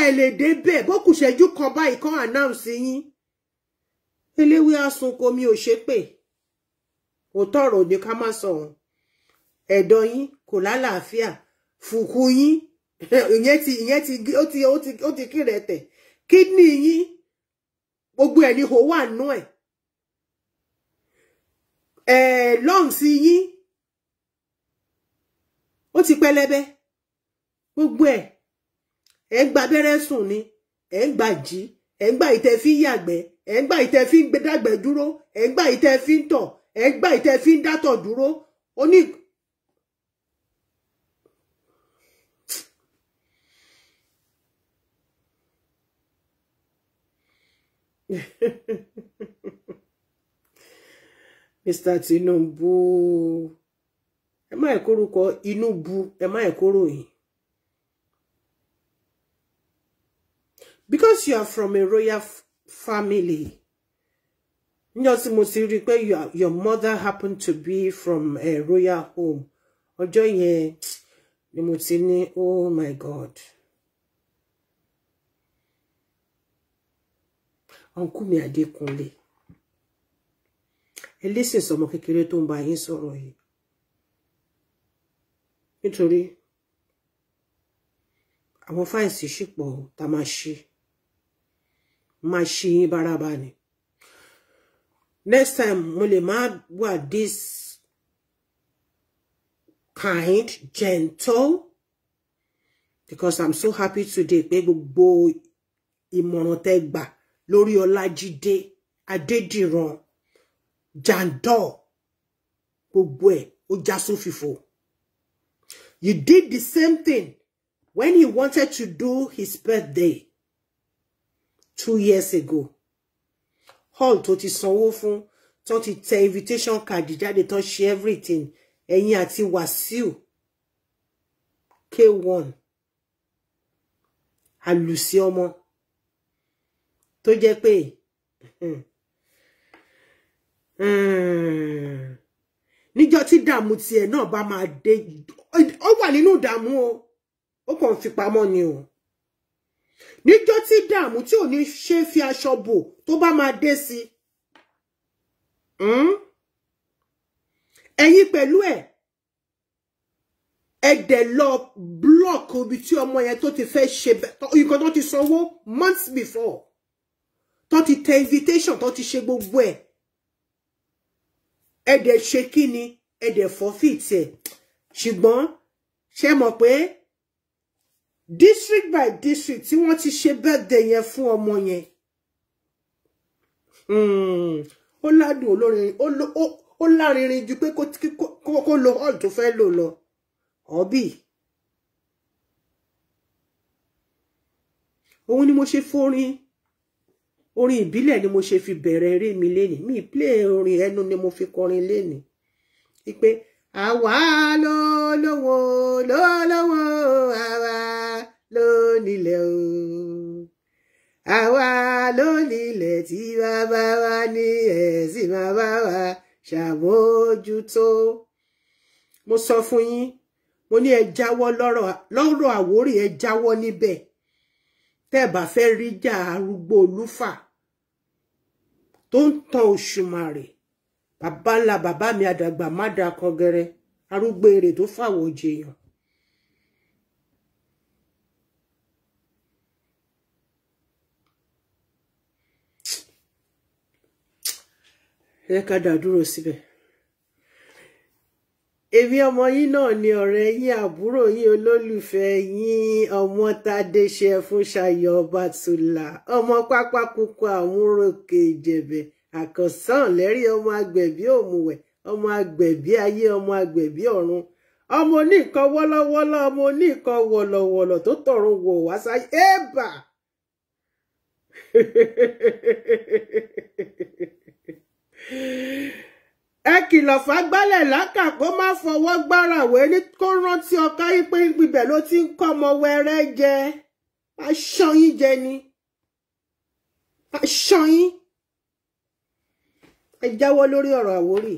ẹ lè débẹ̀ bó kù ṣẹ́jú kan báyìí kan announce yín eléwé asunko mi ò ṣe pé òótọ́ ọ̀rọ̀ ni ká má sọ òun ẹ̀dọ̀ yín kò lálàáfíà fùkù yín ìyẹn ti ìyẹn ti ó ti ó ti ó ti kíre tẹ̀ kídìní yín gbogbo ẹ̀ ní hò wà nú ẹ̀ ẹ̀ lungs yín ó ti pẹlẹbẹ gbogbo ẹ̀ ẹ ń gba abẹ́rẹ́ sùn ni ẹ ń gba ìjí ẹ ń gba ìtẹ́ fi ń yàgbẹ́ ẹ gba ìtẹ́ fi ń dàgbẹ́ dúró ẹ gba ìtẹ́ fi ń tọ̀ ẹ gba ìtẹ́ fi ń dátọ̀ Mr. Tinubu ẹ má ẹ bu ẹ má because you are from a royal family níjọ́ tí mo ti rí i your mother happened to be from a royal home Ojo yẹn ni mo ti ní oh my god ọ̀nkú mi Adékúnlé ẹlẹ́sìn sọmọ kékeré tó ń bá yín sọ̀rọ̀ yìí nítorí àwọn fáìsì ṣì pọ̀ tá a máa ṣe. Machine barabani. next time mo lè má this kind gentle because i'm so happy today pé gbogbo ìmọ̀ràn tẹ́ gbà lórí ọlájídé adédìran jandọ gbogbo ẹ̀ ó já sófìfò you did the same thing when he wanted to do his birthday two years ago hall tó ti sanwó fún tó ti tẹ invitation card jáde tó ṣe everything ẹ̀yin àti Wàsíù K1 àlùsí ọmọ tó Ni pé hmm, hmm, níjọ́ tí dààmú tiẹ̀ náà bá máa dé ó wà nínú ìdààmú o ó kàn fi pamọ́ ni o níjọ́ tí dààmú tí ò ní ṣe fi aṣọ bò tó bá máa dé sí hmm? ẹ̀yin pẹ̀lú ẹ̀ ẹ dẹ̀ lọ blọọkì ibi tí ọmọ yẹn tó ti fẹ́ ṣe nǹkan tó ti sanwó months before tó ti tẹ invitation tó ti ṣe gbogbo ẹ̀ ẹ dẹ̀ ṣe kí ni ẹ dẹ̀ forfeit ẹ̀ ṣùgbọ́n ṣe mọ̀ pé district by district tí wọ́n ti ṣe birthday yẹn fún ọmọ yẹn hmm. ó ládùn olórin ó lárinrin ju pé kó lo hall tó fẹ́ lò lọ ọ̀bì òun ni mo ṣe forin orin ìbílẹ̀ ni mo ṣe fi bẹ̀rẹ̀ eré mi lénìí mi play orin ẹnu ni mo fi kọrin lénìí wípé àwa lọ́lọ́wọ́ lọ́lọ́wọ́ àwa ló o àwa ló nílẹ̀ tí bàbá wa ní ẹ̀sìn bàbá wa ṣàmójútó mo sọ fún yín mo ní ẹ jáwọ́ lọ́rọ̀ àwórì ẹ jáwọ́ níbẹ̀ tẹ́ bá fẹ́ rí jà arúgbó olúfà tó ń tan òṣùmàrè bàbá ńlá bàbá mi àdàgbà má da kan gẹrẹ arúgbó èrè tó fàwọ̀ jèèyàn ẹ ká dá dúró síbẹ̀ èmi ọmọ yín náà ni ọ̀rẹ́ yín àbúrò yín olólùfẹ́ yín ọmọ Tádé Ṣẹfúnṣayọ̀ Ọbátúlá ọmọ pápákọ̀kọ̀ àmúròkè Ìjẹ̀bẹ àkànṣán lẹ́rí ọmọ agbẹ̀bí òmùwẹ̀ ọmọ agbẹ̀bí ayé ọmọ agbẹ̀bí ọ̀run ọmọ oníkan wọ́lọ́wọ́lọ́ ọmọ oníkan wọ̀lọ̀wọ̀lọ̀ tó tọ̀run wò wá sáyé ébà. ẹ kìlọ̀ fágbálẹ̀ lákà kó má fọwọ́ gbáràwé ní kó rántí ọkọ yìí pé ibẹ̀ ló ti ń kọ́ ọmọ wẹrẹ jẹ aṣọyín jẹ ni aṣọyín ẹ jáwọ́ lórí ọ̀rọ̀ àwórì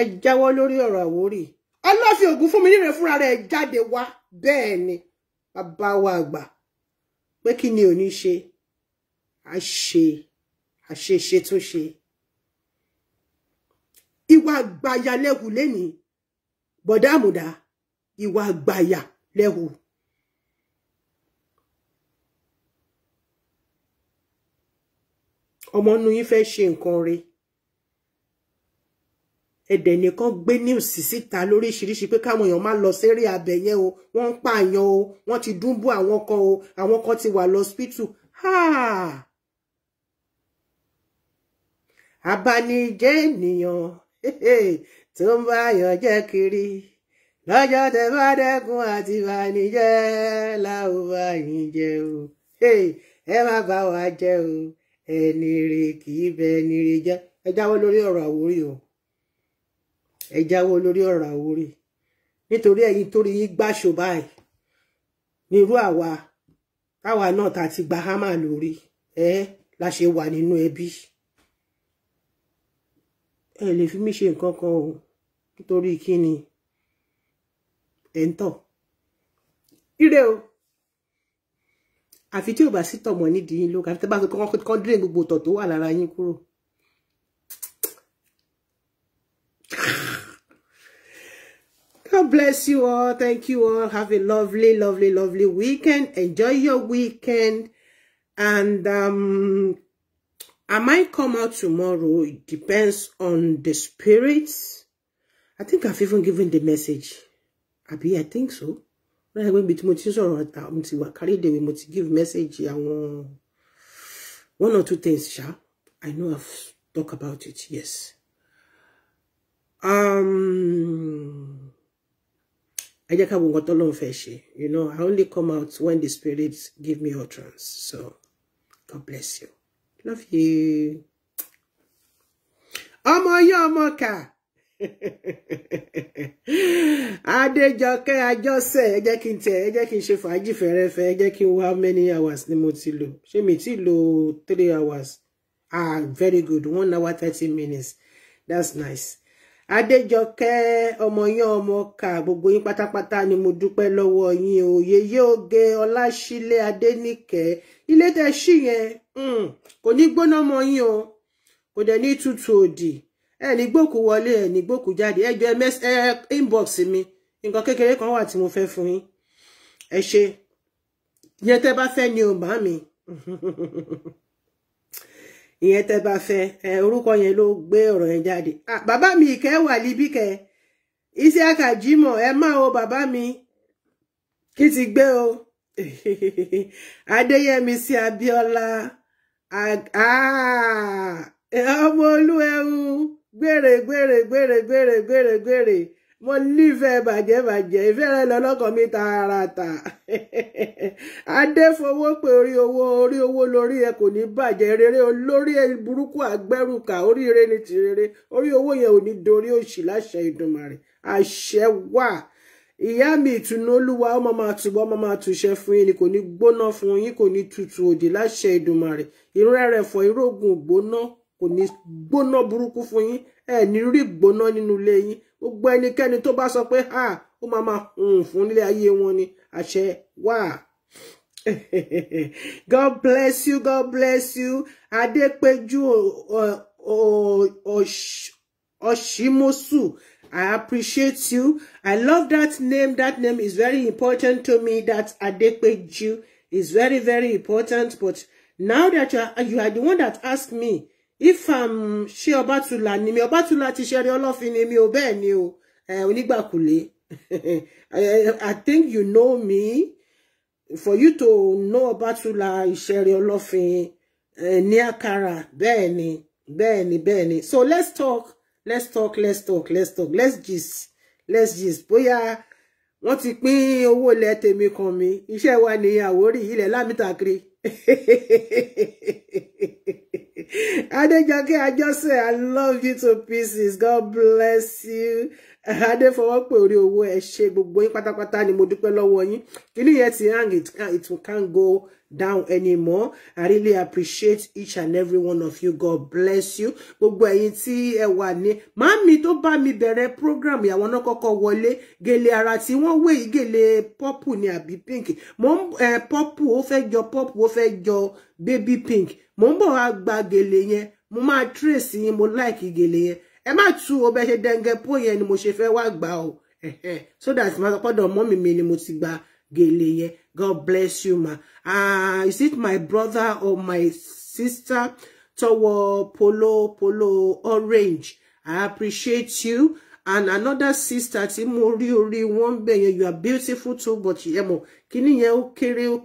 ẹ jáwọ́ lórí ọ̀rọ̀ àwórì ọlọ́fin ògún fún mi nírẹ̀ fúnra rẹ̀ jáde wá bẹ́ẹ̀ ni bàbá wa àgbà pé kí ni ò ṣe á ṣe àṣeṣe tó ṣe ìwà àgbàyà lẹ́hù lénìí bọ̀dáàmùdá ìwà àgbàyà lẹ́hù. ọmọ nu yín fẹ́ ṣe nǹkan re ẹ̀dẹ̀ nìkan gbé news síta lóríṣiríṣi pé káwọn èèyàn má lọ séré abẹ yẹn o wọ́n ń pààyàn o wọ́n ti dúnbú àwọn kan o àwọn kan ti wà lọ hospital abanijẹ́ ènìyàn tó ń bá yàn jẹ́ kiri lọ́jọ́ tẹ bá dẹ́kun àti ìbànújẹ́ láò bá yín jẹ́ o ẹ má bá wa jẹ́ o ẹni rè kì í bẹ ẹni rè jẹ́ ẹ jáwọ́ lórí ọ̀rọ̀ àwórí o ẹ jáwọ́ lórí ọ̀rọ̀ àwórí nítorí ẹ̀yin torí yín gbàṣọ báyìí nírú àwa táwa náà ta ti gba hámà lórí ẹ la ṣe wà nínú ẹbí. E ẹ lè fi mí ṣe nǹkan kan o nítorí kí ni ẹ ń tọ̀ ire o àfi tí ò bá sí tọ̀mọ̀ nídìí yín lóka àfi tẹ́ bá fi kọ́kọ́ dírè gbogbo tọ̀ tó wà lára yín kúrò. God bless you all. Thank you all. Have a lovely, lovely, lovely weekend. Enjoy your weekend. And um, I might come out tomorrow. It depends on the spirits. I think I've even given the message. Abi, I think so. I when bit muti sọ̀rọ̀ wa carry the muti give message one or two things sha. I know I've talked about it. Yes. Um You know, I only come out when the spirits give me utterance. So, God bless you. love you. ọmọ yọ ọmọ kà adéjọkẹ́ àjọṣe ẹ jẹ́ kí n tẹ̀ ẹ jẹ́ kí n ṣe fàájì fẹ́rẹ́fẹ́ ẹ jẹ́ kí n wá many hours ni mo ti lò ṣé mi ti lò three hours ah very good one hour thirty minutes that's nice adéjọkẹ́ ọmọyán ọmọọkà gbogbo yín pátápátá ni mo dúpẹ́ lọ́wọ́ yín o yeye oge ọláṣílẹ̀ adéníkẹ́ ilé tẹ́ ṣí yẹn hmm, kò ní gbóná mọ́ yín o kò dẹ̀ ní tútù òdì ẹ ní gbòkú wọlé ẹ ní gbòkú jáde ẹ jọ ẹ inbox mi nǹkan kékeré kan wà tí mo fẹ́ fún yín ẹ ṣe yẹn tẹ́ bá fẹ́ ni o bá mi. ìyẹn tẹ́ bá fẹ́ ẹ orúkọ yẹn ló gbé ọ̀rọ̀ yẹn jáde bàbá mi ìkẹ́ wà líbí kẹ Isiaka Jimoh ẹ má o bàbá mi kí ti gbé o Adéyẹmí sí abiola ọmọ olú ẹrú gbèrè gbèrè gbèrè gbèrè gbèrè gbèrè. mo lífẹ̀ẹ́ bàjẹ́bàjẹ́ ìfẹ́ rẹ lọ́lọ́kọ̀ mi tààràtà adéfowó pé orí owó orí owó lórí ẹ kò ní bàjẹ́ rere olórí burúkú àgbẹ́rùkà oríire ni ti rere orí owó yẹn ò ní dorí òṣì láṣẹ Ìdùmarè àṣẹ wà ìyá mi ìtùnú olúwa ọmọ máa túbọ̀ ọmọ máa túṣẹ́ fún yín ni kò ní gbóná fún yín kò ní tutù òdì láṣẹ Ìdùmarè irú ẹrẹ̀fọ̀ irógun ògbóná kò buruku gbóná burúkú fún yín ẹ ní rí gbóná nínú gbogbo ẹnikẹ́ni tó bá sọ pé ha ó máa máa hùn fún nílé ayé wọn ni àṣẹ wà. God bless you God bless you Adépéjú Oshimosu I appreciate you I love that name that name is very important to me that Adépéjú is very very important but now that you are, you are the one that asked me if am um, ṣé Ọbátúlá ni mi Ọbátúlá ti ṣẹrẹ ọlọ́fin ni mi ò bẹ́ẹ̀ ni o eh, onígbàkulé eh, I think you know me for you to know Ọbátúlá ìṣẹrẹ ọlọ́fin eh, ní àkàrà bẹ́ẹ̀ ni bẹ́ẹ̀ ni bẹ́ẹ̀ ni so let's talk let's talk let's talk let's talk let's just. let's gist bóyá wọ́n ti pín owó ilẹ̀ tèmi kan mi iṣẹ́ wa ni Àwórì ilẹ̀ lámìtàkiri. Adejake, I just say I love you to pieces. God bless you. Adé fọwọ́ pé orí owó ẹ ṣé gbogbo yín pátápátá ni mo dúpẹ́ lọ́wọ́ yín. Kíní yẹn ti hang it can it can't go down anymore. I really appreciate each and every one of you. God bless you. Gbogbo ẹ̀yin tí ẹ wà ní. Màámi tó bá mi bẹ̀rẹ̀ program ìyàwó náà kọ́kọ́ wọlé. Gèlè ara tí wọ́n wé Gele gèlè pọ́pù ni àbí pink. Mo ń pọ́pù ó fẹ́ jọ pọ́pù ó fẹ́ jọ baby pink mo ń bọ̀ wá gba gèlè yẹn mo máa trace yín mo like gèlè yẹn ẹ má tú o bẹ ṣe dẹngẹ pó yẹn ni mo ṣe fẹ́ wá gbà o so that ma sọ pọ́dọ̀ mọ́ mi mi ni mo ti gba gèlè yẹn God bless you ma ah uh, is it my brother or my sister Towo polo polo orange I appreciate you and another sister tí mo ri orí wọn bẹ̀ you are beautiful too but yẹn mo kíní yẹn ó kéré ó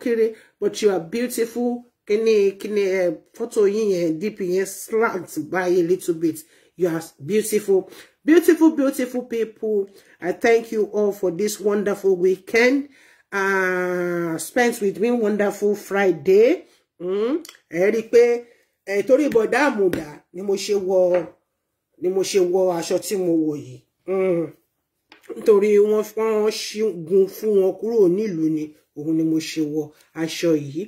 but you are beautiful kíní kíní ẹ eh, fọ́tò yín yẹn deep yẹn slant by a little bit you are beautiful beautiful beautiful people i thank you all for this wonderful weekend uh, spent with me wonderful friday hmm? ẹ rí i pé ẹ eh, torí bọ̀dá ni mo ṣe wọ ni mo ṣe wọ aṣọ tí mo wo yi. Hmm. nítorí wọ́n fọ́n ṣígun fún wọn kúrò nílùú ni. Mm òun ni mo ṣe wọ aṣọ yìí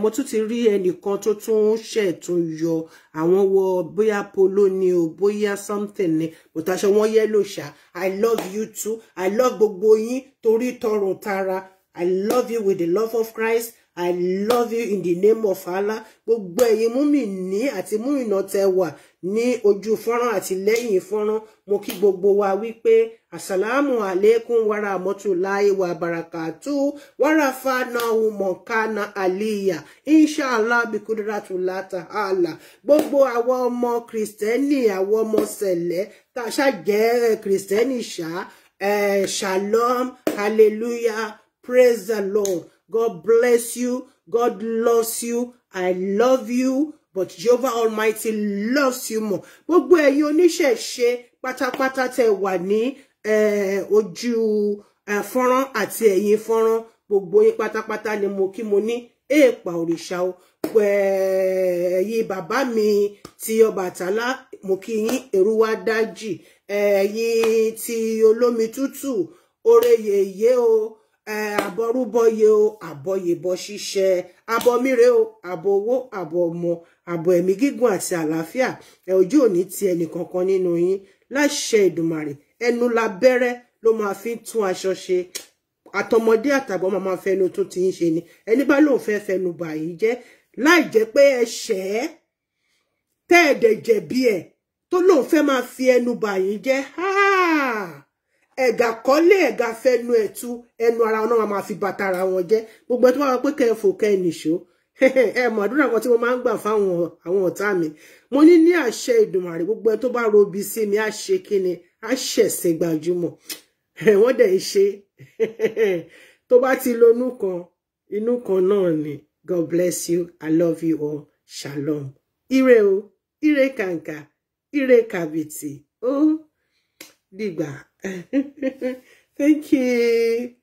mo tún ti rí ẹnìkan tó tún ṣẹ̀tún yọ àwọn wọ bóyá polo ni o bóyá something ni but aṣọ wọn yẹ́lò ṣá i love you too i love gbogbo yín torí tọrùn tara i love you with the love of Christ I love you in the name of Allah. Gbogbo ẹ̀yin múmi ní àti mú ìnà tẹ wà ní ojú fọ́nrán àti lẹ́yìn fọ́nrán. Mo kí gbogbo wa wípé Àsàlámù àlékún wàrà mọ́tòláyé wa bàràkàtú wàrà fana mọ̀kánà àlìyà. Inṣàlá bìkúdúrà tó láta àlà. Gbogbo àwọn ọmọ Kìrìsìtẹ́nì àwọn ọmọ Sẹ̀lẹ́ tá a ṣàjẹ́ Kìrìsìtẹ́nì ṣá. Shalom, hallelujah, praise the Lord. God bless you. God loves you. I love you. But Jehovah Almighty loves you more. Gbogbo ẹ̀yin oníṣẹ̀ṣe pátápátá tẹ wà ní ojú fọ́nrán àti ẹ̀yìn fọ́nrán. Gbogbo yín pátápátá ni mo kí mo ní èèpà òrìṣà o. Ẹ̀yin bàbá mi ti Ọbàtálá mo kí yín Èrúwádájì. Ẹ̀yin ti olómi tútù. Oreyeye o àbọrúbọyè o àbọyèbọ ṣíṣẹ àbọmíre o àbọ owó àbọ ọmọ àbọ ẹ̀mí gígùn àti àlàáfíà ẹ ojú òní ti ẹnìkankan nínú yín láṣẹ ìdùmàrè ẹnu labẹ́rẹ́ ló máa fi tún aṣọ ṣe àtọmọdé àtàgbà ọmọ máa fẹnu tó ti ń ṣe ni ẹni bá lóun fẹ́ fẹnu bà yìí jẹ́ láì jẹ́ pé ẹ ṣẹ̀ ẹ́ tẹ́ ẹ̀dẹ̀ jẹ̀bi ẹ̀ tó lóun fẹ́ máa fi ẹnu bà yìí jẹ́ háà ẹ̀gà kọ́lé ẹ̀gà fẹnu ẹ̀tú ẹnu ara wọn máa fi bàtà ara wọn jẹ́ gbogbo ẹ̀ tó bá wọ pé kẹ́ẹ̀fò kẹ́ẹ̀nìṣó ẹ mọ̀ àdúrà kan tí mo máa ń gbà fáwọn àwọn ọ̀tá mi mo ní ní àṣẹ ìdùnmàrè gbogbo ẹ̀ tó bá robi sí mi á ṣe kíni á ṣẹ̀sìn gbajúmọ̀ wọ́n dẹ̀ ń ṣe tó bá ti lonú kan inú kan náà ni God bless you I love you all shalom ire o ire kàǹkà ire kàbìtì ó dìgbà. Thank you.